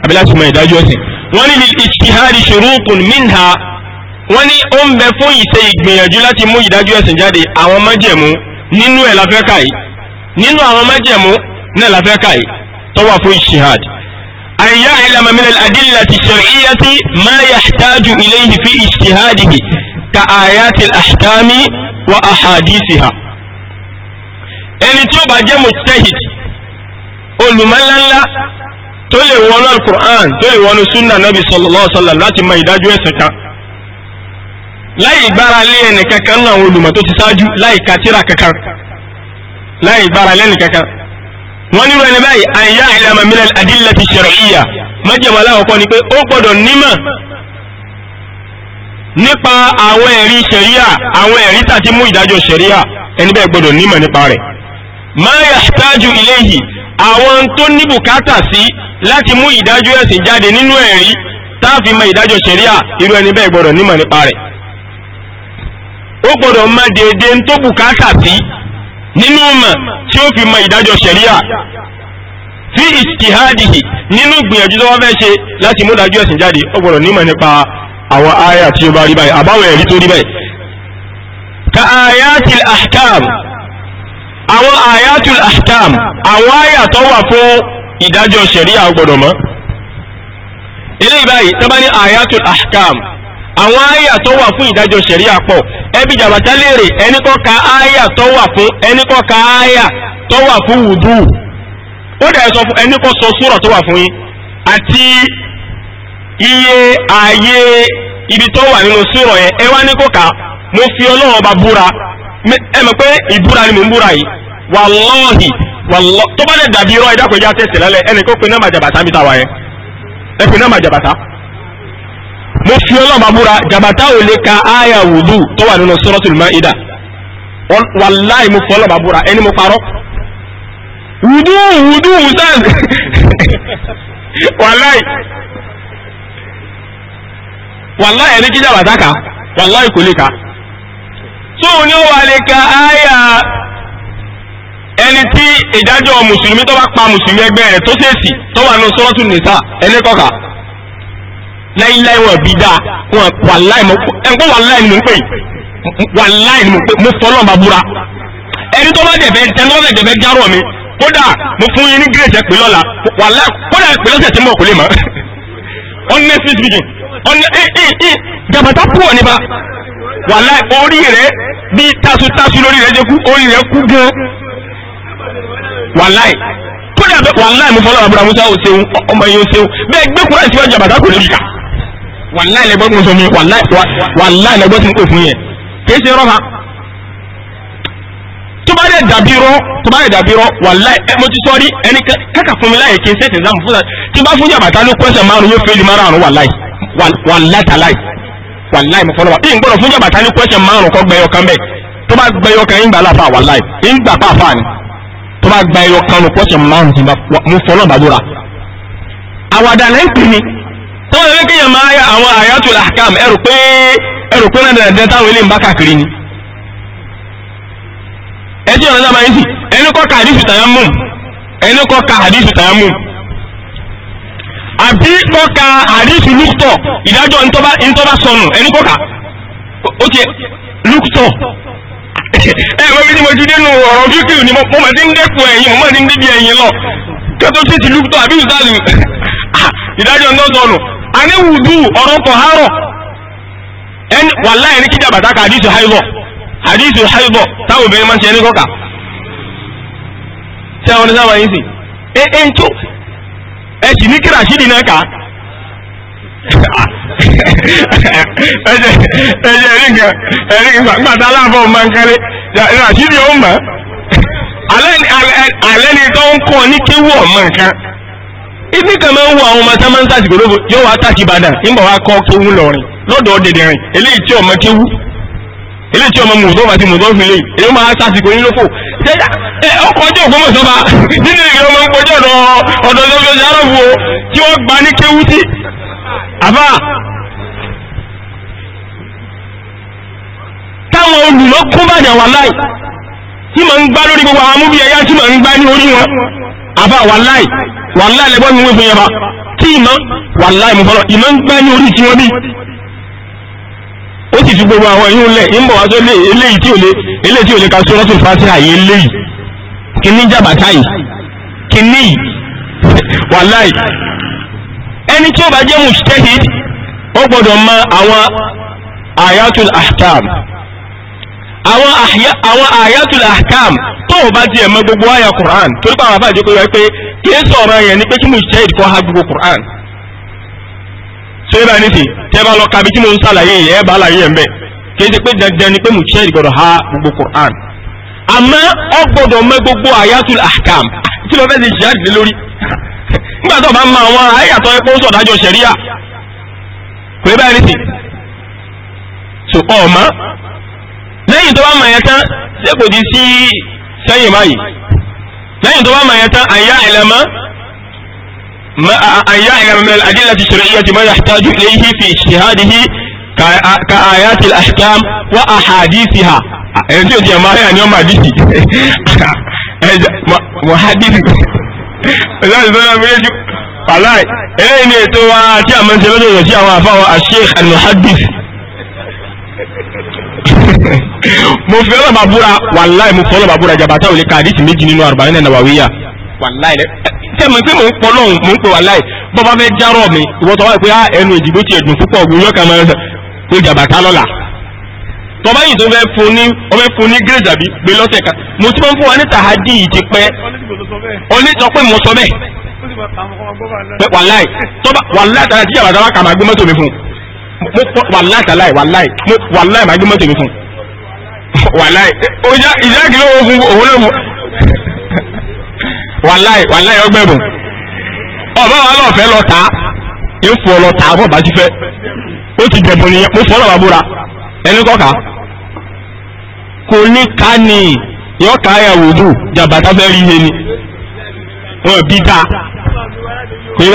àbí láti mọ ìdájọ́ ẹ̀sìn wọ́n ní ìtìhàdì ṣòrókò minha wọ́n ní ó ń bẹ fún ìṣe ìgbìyànjú láti mú ìdájọ́ ẹ̀sìn jáde àwọn májẹ̀mú nínú ẹ̀ la fẹ́ nínú àwọn májẹ̀mú náà la fẹ́ tó wà fún ìṣihad. àyà ìlànà min al-adillati ash-shar'iyyati ma yahtaju ilayhi fi ìṣihadihi ka ayati al-ahkami wa ahadithiha. ẹni tí ó bá jẹ́ mujtahid olùmọ̀láńlá tó lè wọnú al-Qur'an tó lè wọnú sunna nabi sallallahu alaihi wa sallam láti mọ ìdájọ́ ẹ̀sìn kan láì gbára lé ẹnì kankan náà àwọn olùmọ̀ tó ti ṣáájú láì ka tírà kankan láì gbára lé ẹnì kankan wọ́n nílò ẹni báyìí àyà ìlànà mílẹ̀ àdílẹ̀ ti ṣẹ̀rọ̀ ìyà májèmọ̀ aláwọ̀kọ́ ni pé ó gbọ́dọ̀ nímọ̀ nípa àwọn ẹ̀rí ṣẹ̀ríà àwọn ẹ̀rí tàti mú ìdájọ́ ṣẹ̀ríà ẹni bẹ́ẹ̀ gbọ́dọ̀ nímọ̀ nípa rẹ̀ máa yàtájú iléyìí àwọn tó ní bùkátà sí láti mú ìdájọ́ ẹ̀sìn jáde nínú ẹ̀rí táàfin mọ ìdájọ́ ṣẹ̀ríà irú ẹni bẹ́ẹ̀ gbọ́dọ̀ nímọ̀ nípa rẹ̀ ó gbọ́dọ̀ má déédéé tó bùkátà sí nínú mọ̀ tí ó fi mọ ìdájọ́ ṣẹ̀ríà fi ìtìhádìhì nínú gbìyànjú tó wọ́n fẹ́ ṣe láti mú dájú ẹ̀sìn jáde ó gbọ́dọ̀ nímọ̀ nípa àwọn àyà tí ó bá rí báyìí àbáwọn ẹ̀rí tó rí báyìí ka ayatul ahkam àwọn ayatul ahkam àwọn àyà tó wà fún ìdájọ́ ṣẹ̀ríà ó gbọ́dọ̀ eléyìí báyìí tó bá ní ayatul ahkam àwọn àyà tó wà fún ìdájọ́ ṣẹ̀ríà pọ̀ ẹbí jàbàtà léèrè ẹni kọ́ ka àyà tó wà fún ẹni kọ́ ka àyà tó wà fún wùdú ó dẹ̀ sọ fún ẹni kọ́ sọ tó wà fún àti iye ààyè ibi tó wà nínú súrà yẹn ẹ wá ní mo fi búra ẹ mọ̀ pé ìbúra ni mò ń búra yìí tó bá lè dàbí irọ́ mo fi ọlọ́run bá búra jàbátá ò lè ka àyà wùdú tó wà nínú suratul maida wàláì mo fi ọlọ́run bá búra ẹni mo parọ́ wùdú wùdú wùsàn wàláì wàláì ẹni kí jàbátá kà wàláì kò lè kà tó ní ó wà lè ka àyà ẹni tí ìdájọ́ mùsùlùmí tó bá pa mùsùlùmí ẹgbẹ́ rẹ̀ tó ṣèèsì tó wà nínú suratul nisa ẹni kọ́ka láíláí wọn bí dáa wọn wàláì mọ ẹnkọ́ wàláì ni mo ń pè wàláì ni mo pè mo fọ́ lọ́nba búra ẹni tó bá dẹ̀bẹ̀ ẹni tó bá dẹ̀bẹ̀ járọ̀ mi kódà mo fún yín ní gírèjì ẹ̀pẹ́ lọ́la wàláì kódà ẹ̀pẹ́ lọ́sẹ̀ tí mo kò lè mọ̀ honestly speaking eh, eh, eh, jàbàtà púpọ̀ nípa wàláì orí rẹ̀ bí tásútású lórí rẹ̀ jẹ́ kú orí rẹ̀ kú gan wàláì kódà wàláì mo fọ́ lọ́nba búra mo sá ò ṣeun ọmọ yẹn ò ṣeun bẹ́ẹ̀ gbé wàláì lẹ́gbọ́n tí mo sọ fún yẹn wàláì lẹ́gbọ́n tí mo pè fún yẹn kìí ṣe rọ́fà tó bá dẹ̀ dàbí rọ́ tó bá dẹ̀ dàbí rọ́ wàláì ẹ mo ti sọ rí ẹni kẹ́kà fún mi láyè kí n ṣètì ìzámù fúnra tí bá fún jàbàtà ló pẹ́sẹ̀ márùn yóò fẹ́ẹ́lì márùn wàláì wàláì tàláì wàláì mo fọlọ́ wa bí n gbọ́dọ̀ fún jàbàtà ló pẹ́sẹ̀ márùn kọ́ gbẹyọ kan bẹ́ẹ̀ tó bá gbẹyọ kan ń gbà láfa wàláì ń gbà pàfà ni tó bá gbẹyọ kan ló pẹ́sẹ̀ márùn mo fọlọ́ bàdúrà àwàdà lẹ́ ń pè ní tó wọ́n lè àwọn àyàtul ahkam ẹrù pé ẹrù pé náà dẹ̀ táwọn ilé ń bá kàkiri ni ẹtí ọ̀nà sábà yìí sì ẹni kọ́ ka àdìsù tayammum ẹni kọ́ ka àdìsù tayammum àbí kọ́ ka àdìsù ìdájọ́ ntọ́ba sọnù ẹni kọ́ ka ó ti ẹ ẹ ọ̀rọ̀ fíkìrì ni mo máa ti ń dẹ́kun ẹ̀yìn mo máa a wudu wùdú ọ̀rọ̀ tọ̀hárọ̀ ẹni wala ẹni kíjà bàtà ka àdìsù haibọ àdìsù haibọ táwọn obìnrin máa ń ṣe ẹni kọ́kà tí àwọn oníṣàwọ̀ yìí sì ẹ ẹ ń tó ẹ sì ní kíra sídìí náà kà ẹ jẹ ẹ jẹ ẹrí ẹrí nǹkan gbàtà aláàbọ̀ máa ń ibi kan máa ń wo àwọn ọmọ sámán sásìkò lóko yóò wá tàkì ìbàdàn nígbà wá kọ́ kéwú lọ́rin lọ́dọ̀ dẹ̀dẹ̀rìn eléyìí tí ọmọ kéwú eléyìí tí ọmọ mùsùlùmí àti mùsùlùmí lè èyí máa sásìkò yín lóko ọkọ̀ ọjọ́ ògbómọ̀sọ́ba nínú ìgbà ọmọ ń gbọ́jọ́ ọ̀dọ̀ ọ̀dọ̀ lọ́jọ́ yàrá-wò tí wọ́n gba ní kéwú tí àbá táwọn olùlọ́kúnbàdàn wà láì tí màá ń gbá lórí gbogbo àwọn amúbíyẹyà tí màá ń gbá ní orí wọn aba walai walai lẹ́gbọ́n mi wí fún yẹn bá tí ìmọ̀ wàláì mo fọlọ́ ìmọ̀ ń gbẹ́ ní orí tí wọ́n bí ó sì fi gbogbo àwọn ẹ̀yìn lẹ̀ ń bọ̀ wá sọ eléyìí tí ò lè eléyìí tí ò lè ka sọ́rọ́ tó fa sí àyè eléyìí kíní jàbátá yìí kíní wàláì ẹni tí ó bá jẹ́ mùsítẹ́hìd ó gbọ́dọ̀ mọ àwọn ayatul ahkam àwọn àyàtù làkàm tó o bá di ẹ̀mọ́ gbogbo àyà Qur'an torí pàwọn àbájọ pé wáyé pé kìí sọ̀rọ̀ yẹn ni pé kí mo jẹ́ ìdíkọ́ ha gbogbo Qur'an so yíba ní sí tẹ́ bá lọ kabi tí mo ń sàlàyé yẹn ẹ bá àlàyé yẹn bẹ́ẹ̀ kìí ṣe pé dandan ni pé mo jẹ́ ìdíkọ́ ha gbogbo Qur'an àmọ́ ọ gbọ́dọ̀ mọ̀ gbogbo àyàtù làkàm kí ló fẹ́ ṣe ṣíàdì lórí nígbà tó bá ń ma àwọn lẹ́yìn tó bá mọ̀ yẹn tán ṣé kò di sí sẹ́yìn báyìí lẹ́yìn tó bá mọ̀ yẹn tán àyà ìlẹ̀mọ́ àyà ìlẹ̀mọ́ min al-adillati ash-shar'iyyati ma yahtaju ilayhi fi ijtihadihi ka ayatil ahkam wa ahadithiha ẹni tí o ti ẹ̀ma ayà ọmọ àdìsí mọ̀hádìsí ọlọ́run tó náà méjèèjì pàlà eléyìí ni ètò wa tí a mọ̀ ń ṣe lọ́dọ̀ tí àwọn àfáwọn al-sheikh mo fẹ́ ọlọ́ba búra wàláì mo fọ́ ọlọ́ba búra jàbátà si ká méjì nínú àrùbá nínú nàwàwíyà wàláì tẹ́mi pé mò ń pọ̀ lọ́hùn mò ń pè wàláì bọ́ fẹ́ járọ̀ mi ìwọ tọ́ wáyé pé á ah, ẹnu ìdìbò tiẹ̀ dùn púpọ̀ ògùn lọ́la tọ́ba yìí tó fẹ́ fún ní fún ní gbé lọ́sẹ̀ mo ti fún wa ní tàhádì yìí ti pẹ́ wàláì ìjáàkì ló fún òun náà wàláì wàláì ọgbẹ́bùn ọba wa lọ fẹ́ lọ tà yóò fọ lọ tà fún ọba jífẹ́ ó ti jẹ̀bùn nìyẹn mo fọ́ búra ẹni kọ́ka kò ní ká ní yọ ká yà wòdù jàbàtà fẹ́ rí yé ni wọn bí dáa kò yẹ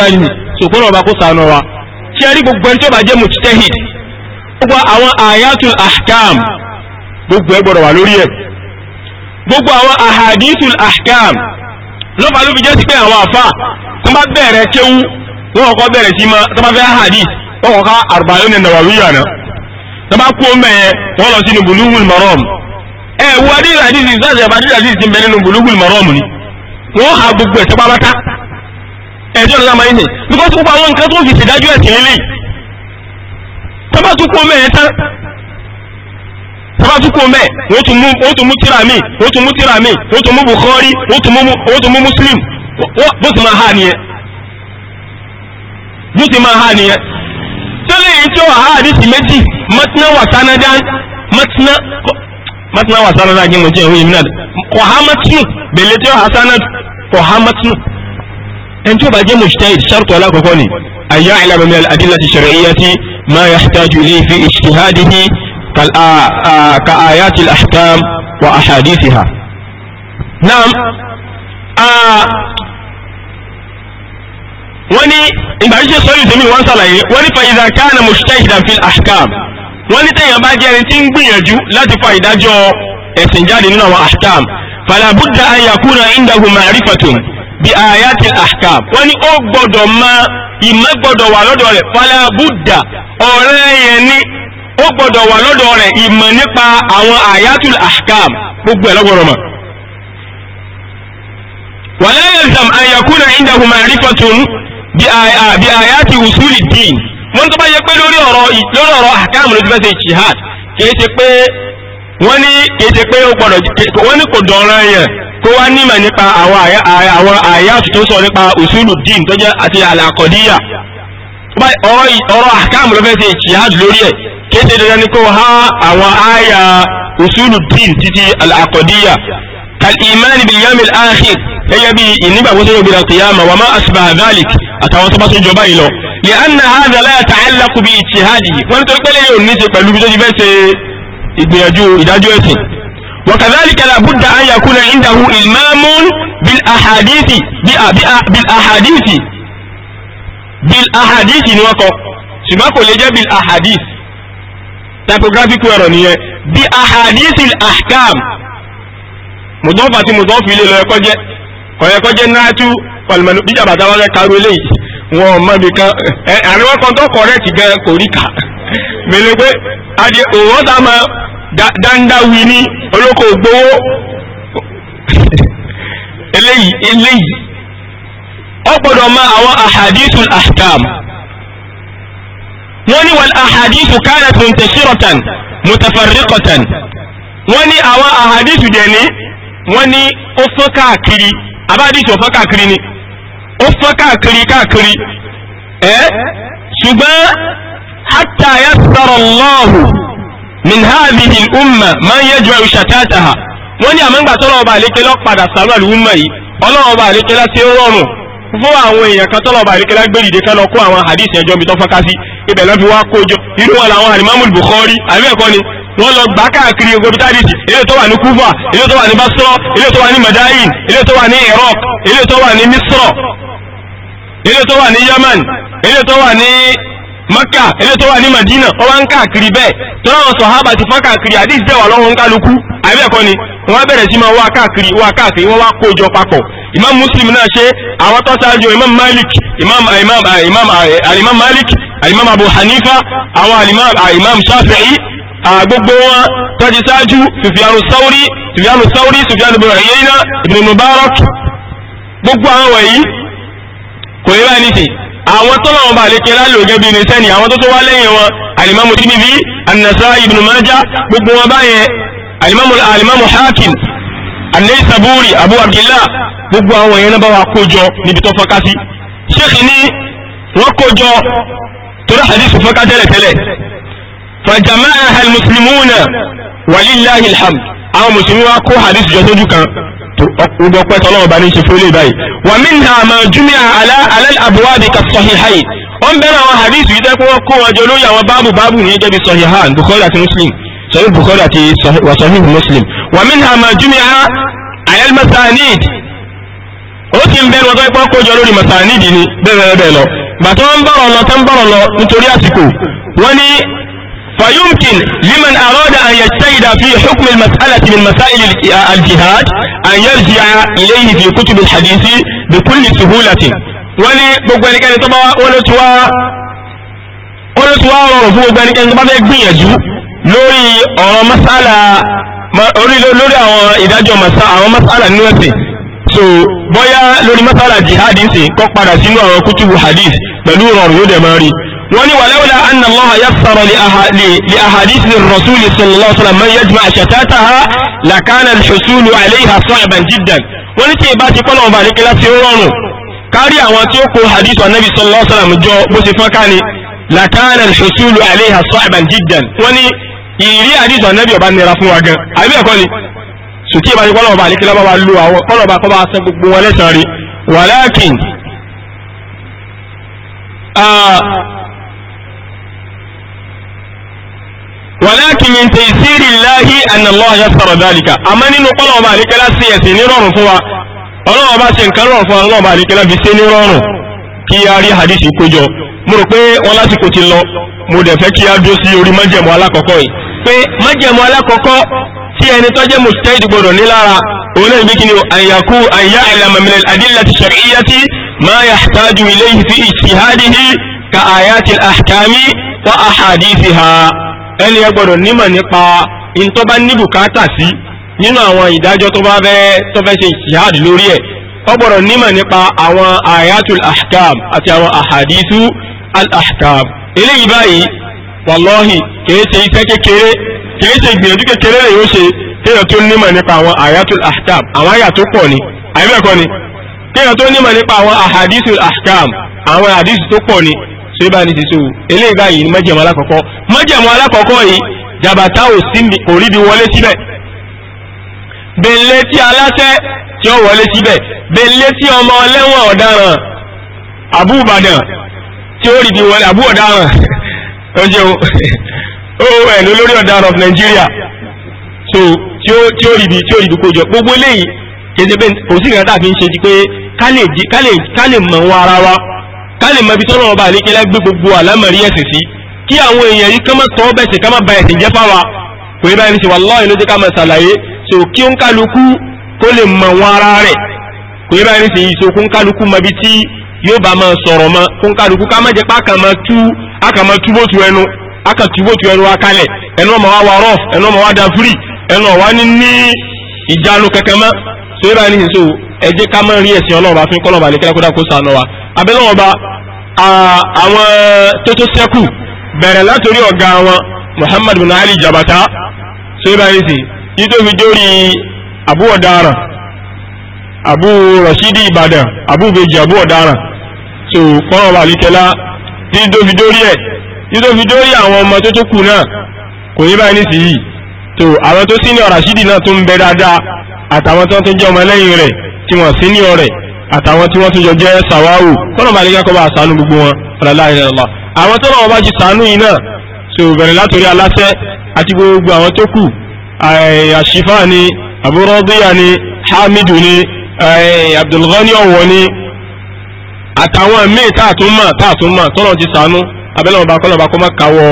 ọba sànù wa tí a rí gbogbo ẹni tí ó bá jẹ́ gbogbo ẹ gbọ́dọ̀ wà lórí ẹ̀ gbogbo àwọn ahadithul ahkam lọ́fà ló fi jẹ́ sí pé àwọn àfà tó bá bẹ̀rẹ̀ kéwú wọ́n kọ́ bẹ̀rẹ̀ sí ma tó bá fẹ́ ahadith wọ́n kọ́ ká arba'un nawawiyya náà tó bá kú ọmọ yẹn wọ́n lọ sí ní bulugul maram ẹ wo adéhùn àdìsí sáàsì àbá adéhùn àdìsí ti bẹ nínú bulugul maram ni wọ́n ha gbogbo ẹ̀ tó fi bá bá tún kó mẹ́ wọ́n tún mú wọ́n tún mú tíra mi wọ́n tún mú tíra mi wọ́n tún mú Bukhari wọ́n tún mú wọ́n tún mú Muslim bó ti máa há nìyẹn bó ti máa há nìyẹn tẹ́lẹ̀ yìí tí ó há àdìsí méjì wà sánadá mọ́tíná mọ́tíná wà sánadá jẹ́ mo jẹ́ ìwé ìmúnà kò há mọ́tínù bẹ̀lẹ̀ tí ó sánadá kò há mọ́tínù ẹni tí bá jẹ́ mujtahid shartu alákọ̀ọ́kọ́ ni ayé àìlàbẹ̀mẹ́ ka ayatil ahkam wa ahadithiha naam wọ́n ní ìgbà tí ṣe sọ́yìn tèmi wọ́n ṣàlàyé wọ́n ní fàyídà káàna mujtahidan fil ahkam wọ́n ní tẹ̀yàn bá jẹ́ ẹni tí ń gbìyànjú láti fa ìdájọ́ ẹ̀sìn jáde nínú àwọn ahkam fala budda an yakuna indahu ma'rifatun bi ayati ahkam wọ́n ní ó gbọ́dọ̀ ma ìmọ̀ gbọ́dọ̀ wà lọ́dọ̀ rẹ̀ fala budda ọ̀rẹ́ yẹn ní ó gbọ́dọ̀ wà lọ́dọ̀ rẹ̀ ìmọ̀ nípa àwọn ayatul ahkam gbogbo ẹ̀ lọ́gbọ̀rọ̀ mọ̀ wala yalzam an yakuna indahu ma'rifatun bí ah, ayati usuli din wọ́n tó bá yẹ pé lórí ọ̀rọ̀ lórí ọ̀rọ̀ ahkam ló ti fẹ́ ṣe jihad kìí ṣe pé wọ́n ní kìí ṣe pé ó gbọ́dọ̀ wọ́n ní kò dọ̀ràn yẹn kó wá nímọ̀ nípa àwọn àyàtù tó sọ nípa usulu din tó jẹ́ àti al ọ̀rọ̀ ahkam ló fẹ́ ṣe jihad lórí ẹ̀ kéde dandan ni kó ha àwọn àyà usulu din títí al-aqdiyya kal-imani bil-yawmil akhir gẹ́gẹ́ bí ìnígbàgbọ́ tó yọ̀gbìn al-qiyama wa ma asbaha dhalik àtàwọn tó bá tó jọba yìí lọ. li anna hadha la yata'allaqu bi ijtihadihi wọ́n tó pẹ́lẹ́ yóò ní ṣe pẹ̀lú bí tó ti ìgbìyànjú ìdájọ́ ẹ̀sìn. wa kadhalika la budda an yakuna indahu ilmamun bil ahadithi bil ahadithi bil ahadithi ni wọ́n kọ ṣùgbọ́n kò lè jẹ́ bil ahadithi typographic error nìyẹn bí ahadithil ahkam mùdọ́fà tí mùdọ́fì ilé lọ ẹ̀kọ́ jẹ́ kọ̀yẹ́kọ́ jẹ́ náàtú pàlùmọ̀nù bí jàbàtà wáyé karú eléyìí wọn ò mọ̀ nìkan ẹ àríwá kan tó correct gan kò rí kà mẹ́lẹ̀ pé adé òwò tá a máa dáńdáwì ní olóko gbowó eléyìí eléyìí ó gbọ́dọ̀ mọ̀ àwọn ahadithul ahkam wọ́n ní wal ahadithu kanat muntashiratan mutafarriqatan wọ́n ní àwọn ahadithu dẹ̀ ní wọ́n ní ó fọ́ káàkiri abáàdìsù ọ̀fọ́ káàkiri ni ó fọ́ káàkiri káàkiri ẹ́ ṣùgbọ́n hatta yassara Allahu min hadhihi al-umma man yajma'u shatataha wọ́n ní àmọ́ngbà tọ́lọ́ọ̀bà àlékelọ́ padà sàlọ́ àlùmọ̀ yìí ọlọ́ọ̀bà àlékelọ́ ti rọrùn fún àwọn èèyàn kan tọ́lọ̀ ọba àríkẹ́lá gbé dìde kẹ́ lọ kó àwọn hadith ẹjọ́ mi tó fọ́n ká sí ibẹ̀ lọ́n fi wá kójọ irú wọn làwọn alimami Bukhari àbí ẹ̀kọ́ ni wọ́n lọ gbá káàkiri gbogbo táàdìsì ilé tó wà ní Kufa ilé tó wà ní Basra ilé tó wà ní Madain ilé tó wà ní Iraq ilé tó wà ní Misra ilé tó wà ní Yaman ilé tó wà ní Maka ilé tó wà ní Madina wọ́n wá ń káàkiri bẹ́ẹ̀ tọ́lá wọn sàhábà ti fọ́n káàkiri hadith dẹ̀ wà lọ́wọ́ ń kálukú àbí ẹ̀kọ́ ni wọ́n bẹ̀rẹ̀ sí máa wá káàkiri wá káàkiri wọ́n wá kójọ papọ̀ imam muslim náà ṣe àwọn tó ṣáájú imam malik imam ah, imam ah, imam alimam ah, malik alimam abu hanifa àwọn alimam imam shafi'i gbogbo wọn tó ti ṣáájú sufyanu sauri sufyanu sauri sufyanu ibn uyayna ibn mubarak gbogbo àwọn wọ̀nyí kò yẹ báyìí nìsín àwọn tó làwọn bá lékè lálẹ́ ògẹ́ bíi ní sẹ́ni àwọn tó tó wá lẹ́yìn wọn alimamu tinibi anasa ibn maja gbogbo wọn báyẹn alimamu alimamu hakim anayi saburi abu abdillah gbogbo àwọn èèyàn náà bá wa kójọ níbi tó fọ́nká sí sheikh ni wọ́n kójọ torí hadith fọ́nká tẹ́lẹ̀tẹ́lẹ̀ fàjàmáà almuslimuna walillahi alhamd àwọn mùsùlùmí wa kó hadith jọ sójú kan gbogbo ọpẹ́ tọ́lọ́ ọba ní ṣe fúlé báyìí wà mí nà àmà júmíà alá alẹ́ àbúwá bí ka sọ̀hìháì ó ń bẹ̀rẹ̀ àwọn hadith yìí tẹ́ pé wọ́n kó wọn jọ lórí àwọn báàbù báàbù ní ẹjẹ́ bí sọ̀hìhá bukhari sahih bukhari àti wa sahih muslim wa minha ma jumi'a ala al masanid ó ti ń bẹ́ẹ̀ lọ́tọ́ ipá kójọ lórí masanid ni bẹ́ẹ̀ bẹ́ẹ̀ lọ bàtọ́ ń bọ̀rọ̀ lọ tán bọ̀rọ̀ lọ nítorí àsìkò wọ́n ní فيمكن لمن أراد أن يجتهد في حكم المسألة من مسائل الجهاد أن يرجع إليه في كتب الحديث بكل سهولة wani gbogbo ẹnikẹ́ni tó bá wá olóṣùwà olóṣùwà rọrùn fún gbogbo ẹnikẹ́ni tó bá fẹ́ gbìyànjú lórí ọ̀rọ̀ masala lórí àwọn ìdájọ́ àwọn masala nínú ẹ̀sìn so bóyá lórí masala jihad ń sìn kọ́ padà sínú àwọn kútùbù hadith pẹ̀lú rọrùn yóò dẹ̀ máa rí wọ́n ní wàláwùlá anna allaha yassara li ahadith ni rasuli sallallahu alaihi wasallam man yajma shatataha lakana alhusulu alayha sa'ban jiddan wọ́n ní tí ìbá ti kọ́ lọ́wọ́ bá ní kíláàsì ó rọrùn kárí àwọn tí ó kó hadith anabi sallallahu alaihi wasallam jọ bó ti fọ́n ká ni lakana alhusulu alayha sa'ban jiddan wọ́n ní ìrí àdìsọ ànábì ọba nira fún wa gan àbí ẹ̀kọ́ ni sùkí ìbájú kọ́lọ̀ ọba àlékelá bá wa lu àwọn kọ́lọ̀ ọba kọ́ba sẹ gbogbo wọn lẹ́sàn rí wàlákìn wàlákìn min taysiri llahi anna Allah yassara dhalika àmọ́ nínú kọ́lọ̀ ọba àlékelá sí ẹ̀sìn ní rọrùn fún wa ọlọ́wọ́ bá ṣe nǹkan rọrùn fún wa ọlọ́wọ́ bá àlékelá fi ṣe ní rọrùn kí a rí hadisi kójọ mo rò pé wọn lásìkò ti lọ mo dẹ̀ fẹ́ kí a dó sí orí májẹ̀mú alákọ̀ọ́kọ́ yìí pé májẹ̀mú alákọ̀ọ́kọ́ tí ẹni tó jẹ́ mujtahid gbọ́dọ̀ ní lára òun náà bí kíni an yaku an ya'lama min al-adillati ash-shar'iyyati ma yahtaju ilayhi fi ijtihadihi ka ayati al-ahkami wa ahadithiha ẹni ẹ gbọ́dọ̀ nímọ̀ nípa ìntọ́ bá ní bùkátà sí nínú àwọn ìdájọ́ tó bá fẹ́ tó fẹ́ ṣe ijtihad lórí ẹ̀ ó gbọ́dọ̀ nímọ̀ nípa àwọn ayatul ahkam àti àwọn ahadithu al-ahkam eléyìí báyìí wàlọ́hìn kìí ṣe iṣẹ́ kékeré kìí ṣe ìgbìyànjú kékeré rẹ̀ yóò ṣe kéèyàn tó nímọ̀ nípa àwọn àyàtul ahkam àwọn àyà tó pọ̀ ni àyẹ̀bẹ̀kọ ni kéèyàn tó nímọ̀ nípa àwọn ahadisul ahkam àwọn ahadisu tó pọ̀ ni ṣé bá ní ti ṣe o eléyìí báyìí ni májẹ̀mú alákọ̀ọ́kọ́ májẹ̀mú alákọ̀ọ́kọ́ yìí jàbàtà ò sí kò ríbi wọlé síbẹ̀ bẹ̀lẹ́ tí aláṣẹ tí ó wọlé síbẹ̀ bẹ̀lẹ́ ọmọ ọlẹ́wọ̀n ọ̀daràn abúbàdàn tí ó ríbi wọlé abú ó jẹ́ oon olórí oh, ọ̀daràn of Nigeria so tí ó tí ó rí ibi tí ó rí ibi kójọ gbogbo eléyìí kéde kò sí ìrántà fi ń ṣe ju pé ká lè ká wọn ara wa ká lè mọ ibi tọ́lọ́ ọba àlékelá gbé gbogbo àlámọ̀rí ẹ̀sìn sí kí àwọn èèyàn yìí ká má tọ́ bẹ̀sẹ̀ ká má ba ẹ̀sìn jẹ́ fáwa kò ní báyìí ní ṣe wà lọ́ọ̀ ló jẹ́ ká máa ṣàlàyé so kí ó ń kálukú kó lè mọ̀ wọn ara rẹ̀ kò ní báyìí ní ṣe ìṣokùn kálukú mọ ibi tí yóò bá máa sọ̀rọ̀ mọ́ fún kálukú ká má jẹ́ pé àkàmọ́ tú àkàmọ́ túbò tu ẹnu àkà túbò tu ẹnu wa kalẹ̀ ẹnu ọmọ wa wa rọf ẹnu ọmọ wa da firi ẹnu ọwa ní ní ìjánu kẹkẹ mọ́ so yóò bá ní sísè o ẹ jẹ́ ká má rí ẹ̀sìn ọlọ́ọ̀bá fún kọ́lọ́ọ̀bá ní kẹ́lẹ́kọ́dá kó sànù wa abẹ́lẹ́ wọn àwọn tó sẹ́kù bẹ̀rẹ̀ látòrí ọ̀gá wọn Muhammad bin Ali Jabata so yóò bá ní sí yìí tó fi jórí ọ̀daràn àbú Rashidi Ìbàdàn Abu bèjì Abu ọ̀daràn so kọ́nà wà níkẹlá títí tó fi dórí ẹ̀ títí tó fi dórí àwọn ọmọ tó tó kù náà kò ní báyìí nísìnyí so àwọn tó senior Rashidi náà tó ń bẹ dáadáa àtàwọn tó tún jẹ́ ọmọ lẹ́yìn rẹ̀ tí wọ́n senior rẹ̀ àtàwọn tí wọ́n tún jọ jẹ́ sàwáwò kọ́nà wà níkẹlá kọ́ bá sànú gbogbo wọn fúnra àwọn tó náà wọ́n bá ti ni àbúrọ́dúyà ni Hamidu ni Abdulghani àtàwọn míì táàtún mọ̀ táàtún mọ̀ tọ́nà ti sànú abẹ́lẹ́wọ̀n bá kọ́lọ̀ bá kọ́ máa kàwọ́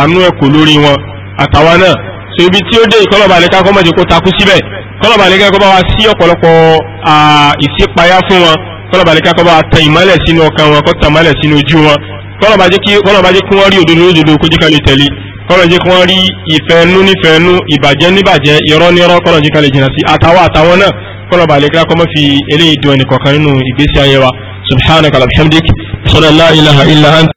àánú ẹ̀kọ́ lórí wọn àtàwọn náà so ibi tí ó dé ìkọ́lọ̀ bá lẹ́ka kọ́ mọ̀ jẹ́ kó takú síbẹ̀ kọ́lọ̀ bá lẹ́ka kọ́ bá wa sí ọ̀pọ̀lọpọ̀ ìṣípayá fún wọn kọ́lọ̀ bá kọ́ bá wa tẹ ìmọ́lẹ̀ sínú ọkàn wọn kọ́ tẹ ìmọ́lẹ̀ sínú ojú wọn kọ́lọ̀ bá jẹ́ kí wọ́n rí òdodo lójodo kó jẹ́ ká lè tẹ̀lé kọ́lọ̀ jẹ́ kí wọ́n rí ìfẹ́nú nífẹ́nú ìbàjẹ́ níbàjẹ́ irọ́ nírọ́ kọ́lọ̀ jẹ́ ká lè jìnà sí àtàwọn àtàwọn náà kọ́lọ̀ bàlẹ̀ kíra kọ́mọ́ fi eléyìí dùn ẹnì kọ̀ọ̀kan nínú ìgbésí ayé wa subhanaka alhamdik sọ́dọ̀ la ilaha illa anta